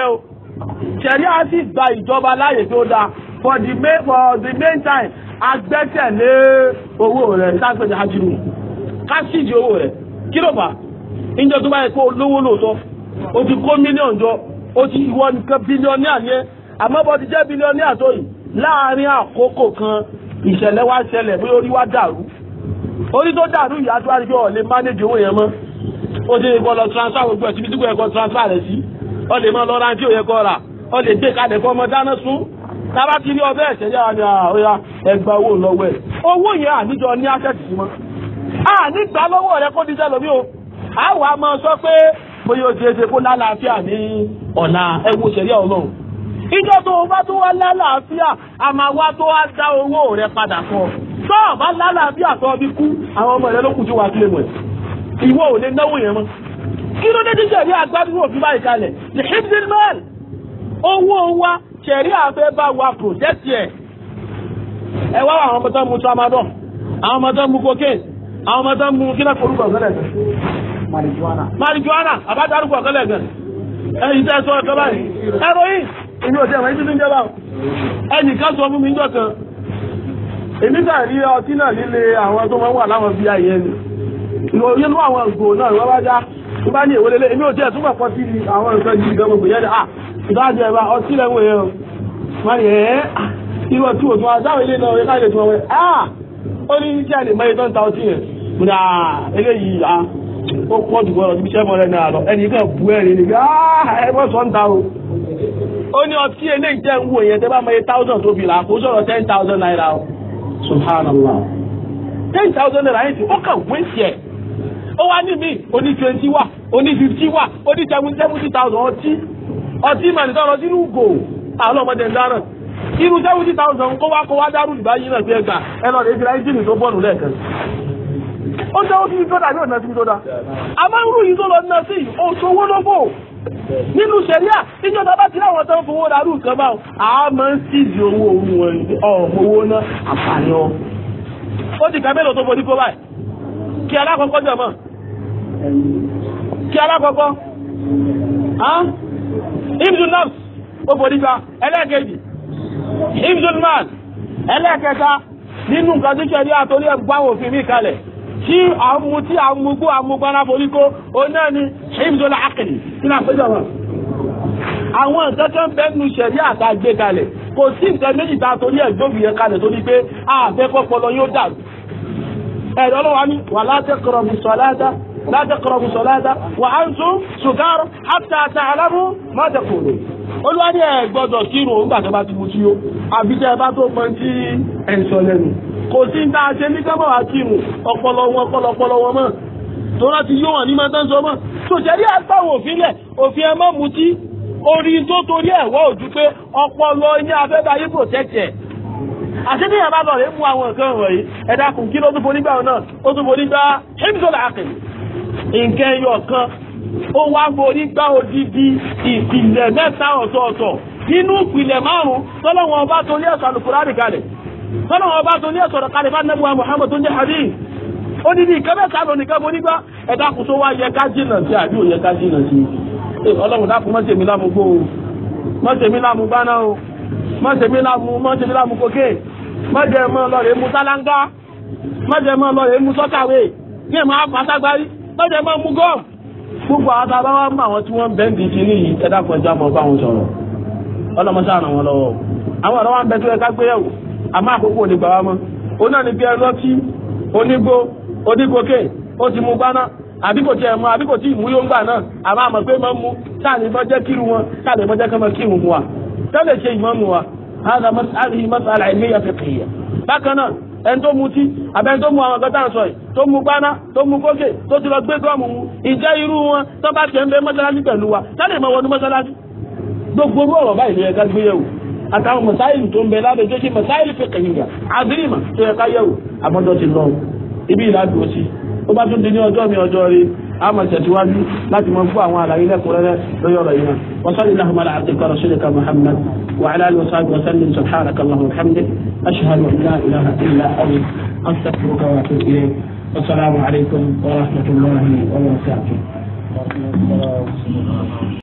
ní ṣẹ̀ríà sì gba ìjọba láàyè tó dáa for the main for the main time agbẹ́sẹ̀lé owó rẹ̀ sáfẹ̀dẹ̀ ajínigbò kásìdì owó rẹ̀ kí ló bá ìjọ tó bá yẹ kó lówó lóòótọ́ o ti kó mílíọ̀nù jọ o ti ìwọ nìkan bílíọ̀nù àníyẹ àmọ́ bó ti jẹ́ bílíọ̀nù àtọ́yìn láàárín àkókò kan ìṣẹ̀lẹ̀ wá ṣẹlẹ̀ bóyá orí wá dàrú orí tó dàrú ìyá tó wá rí pé ọ̀ lè mánéjì owó yẹn mọ́ o ti kọ́ lọ transfer gbogbo ẹ̀ síbi tí kò yẹ kó transfer rẹ̀ sí ọ lè mọ lọ́ra tí ò yẹ kọ́ ra ọ lè gbé kalẹ̀ kọ́ ọmọ dáná sún tábà ti rí ọbẹ̀ ẹ̀ṣẹ̀ yára ni àyà ẹgbà owó lọ́wọ́ ẹ̀ owó yẹn àníjọ ní asẹ́tì sí mọ́ ànígbà lọ́wọ́ rẹ kó díjẹ́ lómi o àwọ̀ a máa sọ pé bóyá o ti ṣe kó lálàáfíà ní ọ̀la ẹ̀wù ṣẹ̀yà ọlọ́run ìjọ tó o bá tó wá lálàáfíà a máa wá tó wá dá owó rẹ padà fún ọ tó o bá lálàáfíà tó o bí kú àwọn ọmọ rẹ ló kù tí wàá kílè mọ̀ ìwọ ò lè náwó yẹn mọ́ kí ló dé díjẹ̀ ní agbádùn òfin báyìí kalẹ̀ the hidden owó wa àfẹ́ bá wa protect yẹ ẹ wá àwọn ọmọ tó ń mu tramadol àwọn ọmọ tó ń mu cocaine àwọn ọmọ tó ń mu kílẹ̀ marijuana marijuana àbádarúkọ ọ̀gẹ́lẹ̀ gan ẹyin tẹ́ sọ ọ̀kan báyìí ẹ̀rọ yìí èmi ò tẹ́ ẹ̀rọ sọ fún mi ń kan èmi kà rí ọtí náà líle àwọn tó máa ń wà láwọn nínú àwọn ìgò náà wọ́n bá dá wọ́n bá ní èwo lélẹ̀ èmi ò jẹ́ ìtúbọ̀ pọ̀ sí àwọn nǹkan yìí gan gbogbo yẹn ah ìdájọ́ ẹ̀ bá ọtí lẹ́wọ̀n yẹn o má yẹ ẹ́ ah, irú ọtí òtún adáwọ̀ ilé náà ká lè tún ọwẹ́ ah ó ní kí a lè mọ ìtọ́ ta ọtí yẹn mo ah, eléyìí ah ó pọ̀ jù bọ́ọ̀lù bí sẹ́fọ̀n rẹ̀ náà lọ ẹnì kan bu ẹ̀rín ni ah ẹ bọ́ thousand tó ten thousand naira o ten thousand naira yẹn ti ó kà wé tiẹ̀ ó wá ní mi oní twenty wà oní fifty wà oní seventy thousand ọtí ọtí màní tọrọ sínú gò àwọn ọmọdé ń dáràn irú seventy thousand kó wá kó wá dárú ìbáyé náà fi ẹ̀ka ẹ lọ rẹ̀ ìfira ẹ́ńjìnì tó bọ́ọ̀nù lẹ́ẹ̀kan ó jẹ́ òsì tó dàbí ọ̀nà síbi tó dá a máa ń rú yìí tó lọ ná sí òṣòwò lóbò nínú sẹ̀ríà ìjọba bá ti láwọn tó ń fowó darú nǹkan báwọn a máa ń síbi owó òun wọn owó náà àǹfààní ọ ó ti kà tó fo ní kó báyìí kí alákọ̀ọ́kọ́ jọ̀ mọ́ kí alákọ̀ọ́kọ́ ibùdó nọ́ọ̀sì ó borí ká ẹlẹ́ẹ̀kejì ibùdó man ẹlẹ́ẹ̀kẹta nínú nǹkan tó ṣẹlẹ̀ àtòrí ẹ̀gbọ́n àwọn òfin mi kalẹ̀ tí àmú tí àmúgbó àmúgbára borí kó o náà ni ibùdó làákìlì kí ni àpéjọ wọn. àwọn nǹkan tó ń bẹ́nu ṣẹlẹ̀ àtàgbé kalẹ̀ kò sí nǹkan méjì tá a torí ẹ̀gbọ́n yẹn kalẹ̀ tó ní pé àfẹ́kọ́ pọlọ yóò dà ẹ̀rọ ọlọ́wà ní wàlá tẹ́kọ̀rọ̀ mi sọ̀ لا تقربوا الصلاة وأنتم سكارى حتى تعلموا ما تقولون olúwa ní ẹ gbọ́dọ̀ kírun òun gbàtọ bá ti mu tí ó àbí tẹ ẹ bá tó pọn tí ẹ ń sọ lẹ́nu kò sí tá a ṣe ní ká bàbá kírun ọpọlọ wọn ọpọlọ wọn mọ tó láti yóò hàn ní máa tán sọ mọ sòṣèlú àtàwọn òfin lẹ òfin ẹ mọ mutí orí tó torí ẹ̀ wọ́ pé ọpọlọ ilé abẹ́bá yìí protect ẹ̀. àti ní ìyàbá lọ rẹ̀ mú àwọn nǹkan wọ̀nyí ẹ̀dá kùn kí ló tún fonígbà náà ó tún fonígbà ṣé ní sọ́dọ̀ nǹkan ẹyọ kan ó wá forí gbá odidi ìpìlẹ̀ mẹ́ta ọ̀tọ̀ọ̀tọ̀ nínú ìpìlẹ̀ márùn-ún tọ́lọ́wọ́n ọba tó ní ẹ̀sọ́ àlùkùránì kalẹ̀ tọ́lọ́wọ́n ọba tó ní ẹ̀sọ́ kalẹ̀ fún anábùwà Muhammad tó ń jẹ́ hadith ó ní ní nǹkan mẹ́ta lọ nìkan mo nígbà ẹ̀dá kò tó wá yẹ ká jìnà sí àbí ò yẹ ká jìnà sí ọlọ́run dákun má ṣèmi lámugbó o má ṣèmi lámugbáná o má ṣèmi lámu má ṣèmi lámukókè má jẹ́ mọ́ lọ́ọ̀rẹ́ mú sálángá má jẹ́ mọ́ lọ́ọ̀rẹ́ mú sọ́kàwé kí ẹ̀ máa fà ságbárí mọ́jẹ̀ máa mú gọ́ọ̀mù gbogbo àwọn tábà wá mọ àwọn tí wọ́n ń bẹ́ẹ̀ di kí nìyí ẹ̀dá kan já mọ́ bá wọn sọ̀rọ̀ ọlọ́mọṣẹ́ àràn wọn lọ́wọ́ àwọn ọ̀rọ̀ wa ń bẹ tó yẹ ká gbé yẹ̀wò àmọ́ àkókò ò ní gbà wá mọ́ ó náà ní bí ẹ lọ́tí onígbó onígbòkè ó ti mú gbáná àbí kò tiẹ̀ mú àbí kò tí ì mú yóò ń gbà náà àmọ́ àmọ́ pé máa ń mú sáàlì mọ́jẹ́ kírun wọn sáàlì mọ́jẹ́ kọ́ máa kírun mu wa tẹ́lẹ̀ ṣe ìmọ̀ mu wa hàdà mọ́sálì mọ́sálì ẹni tó mu tí àbẹ́ni tó mu àwọn ọ̀gá tá à ń sọ yìí tó mu páná tó mu kókè tó ti lọ gbé gọ́ọ̀mù mu ìjẹ́ irú wọn tó bá tiẹ̀ ń bẹ mọ́sálásí pẹ̀lú wa sáré mọ́ wọnú mọ́sálásí gbogbo orú ọ̀rọ̀ báyìí ló yẹ ká gbé yẹ̀wò àtàwọn mọ̀sáìlì tó ń bẹ lábẹ́ tó ṣe mọ̀sáìlì tó yẹ ká yẹ̀wò ibi sí tó bá tún di ní ọjọ́ mi ọjọ́ rí a máa tẹ̀síwájú láti mọ fún àwọn àlàyé lẹ́kùnrẹ́rẹ́ lórí ọ̀rọ̀ yìí náà wasalli lahumma ala abdika ká muhammad wa ala alihi wa sahbihi wa sallim subhanaka allahumma wa hamdik ashhadu an la ilaha illa anta astaghfiruka wa atubu ilayk wasalaamu alaykum wa rahmatullahi wa barakatuh.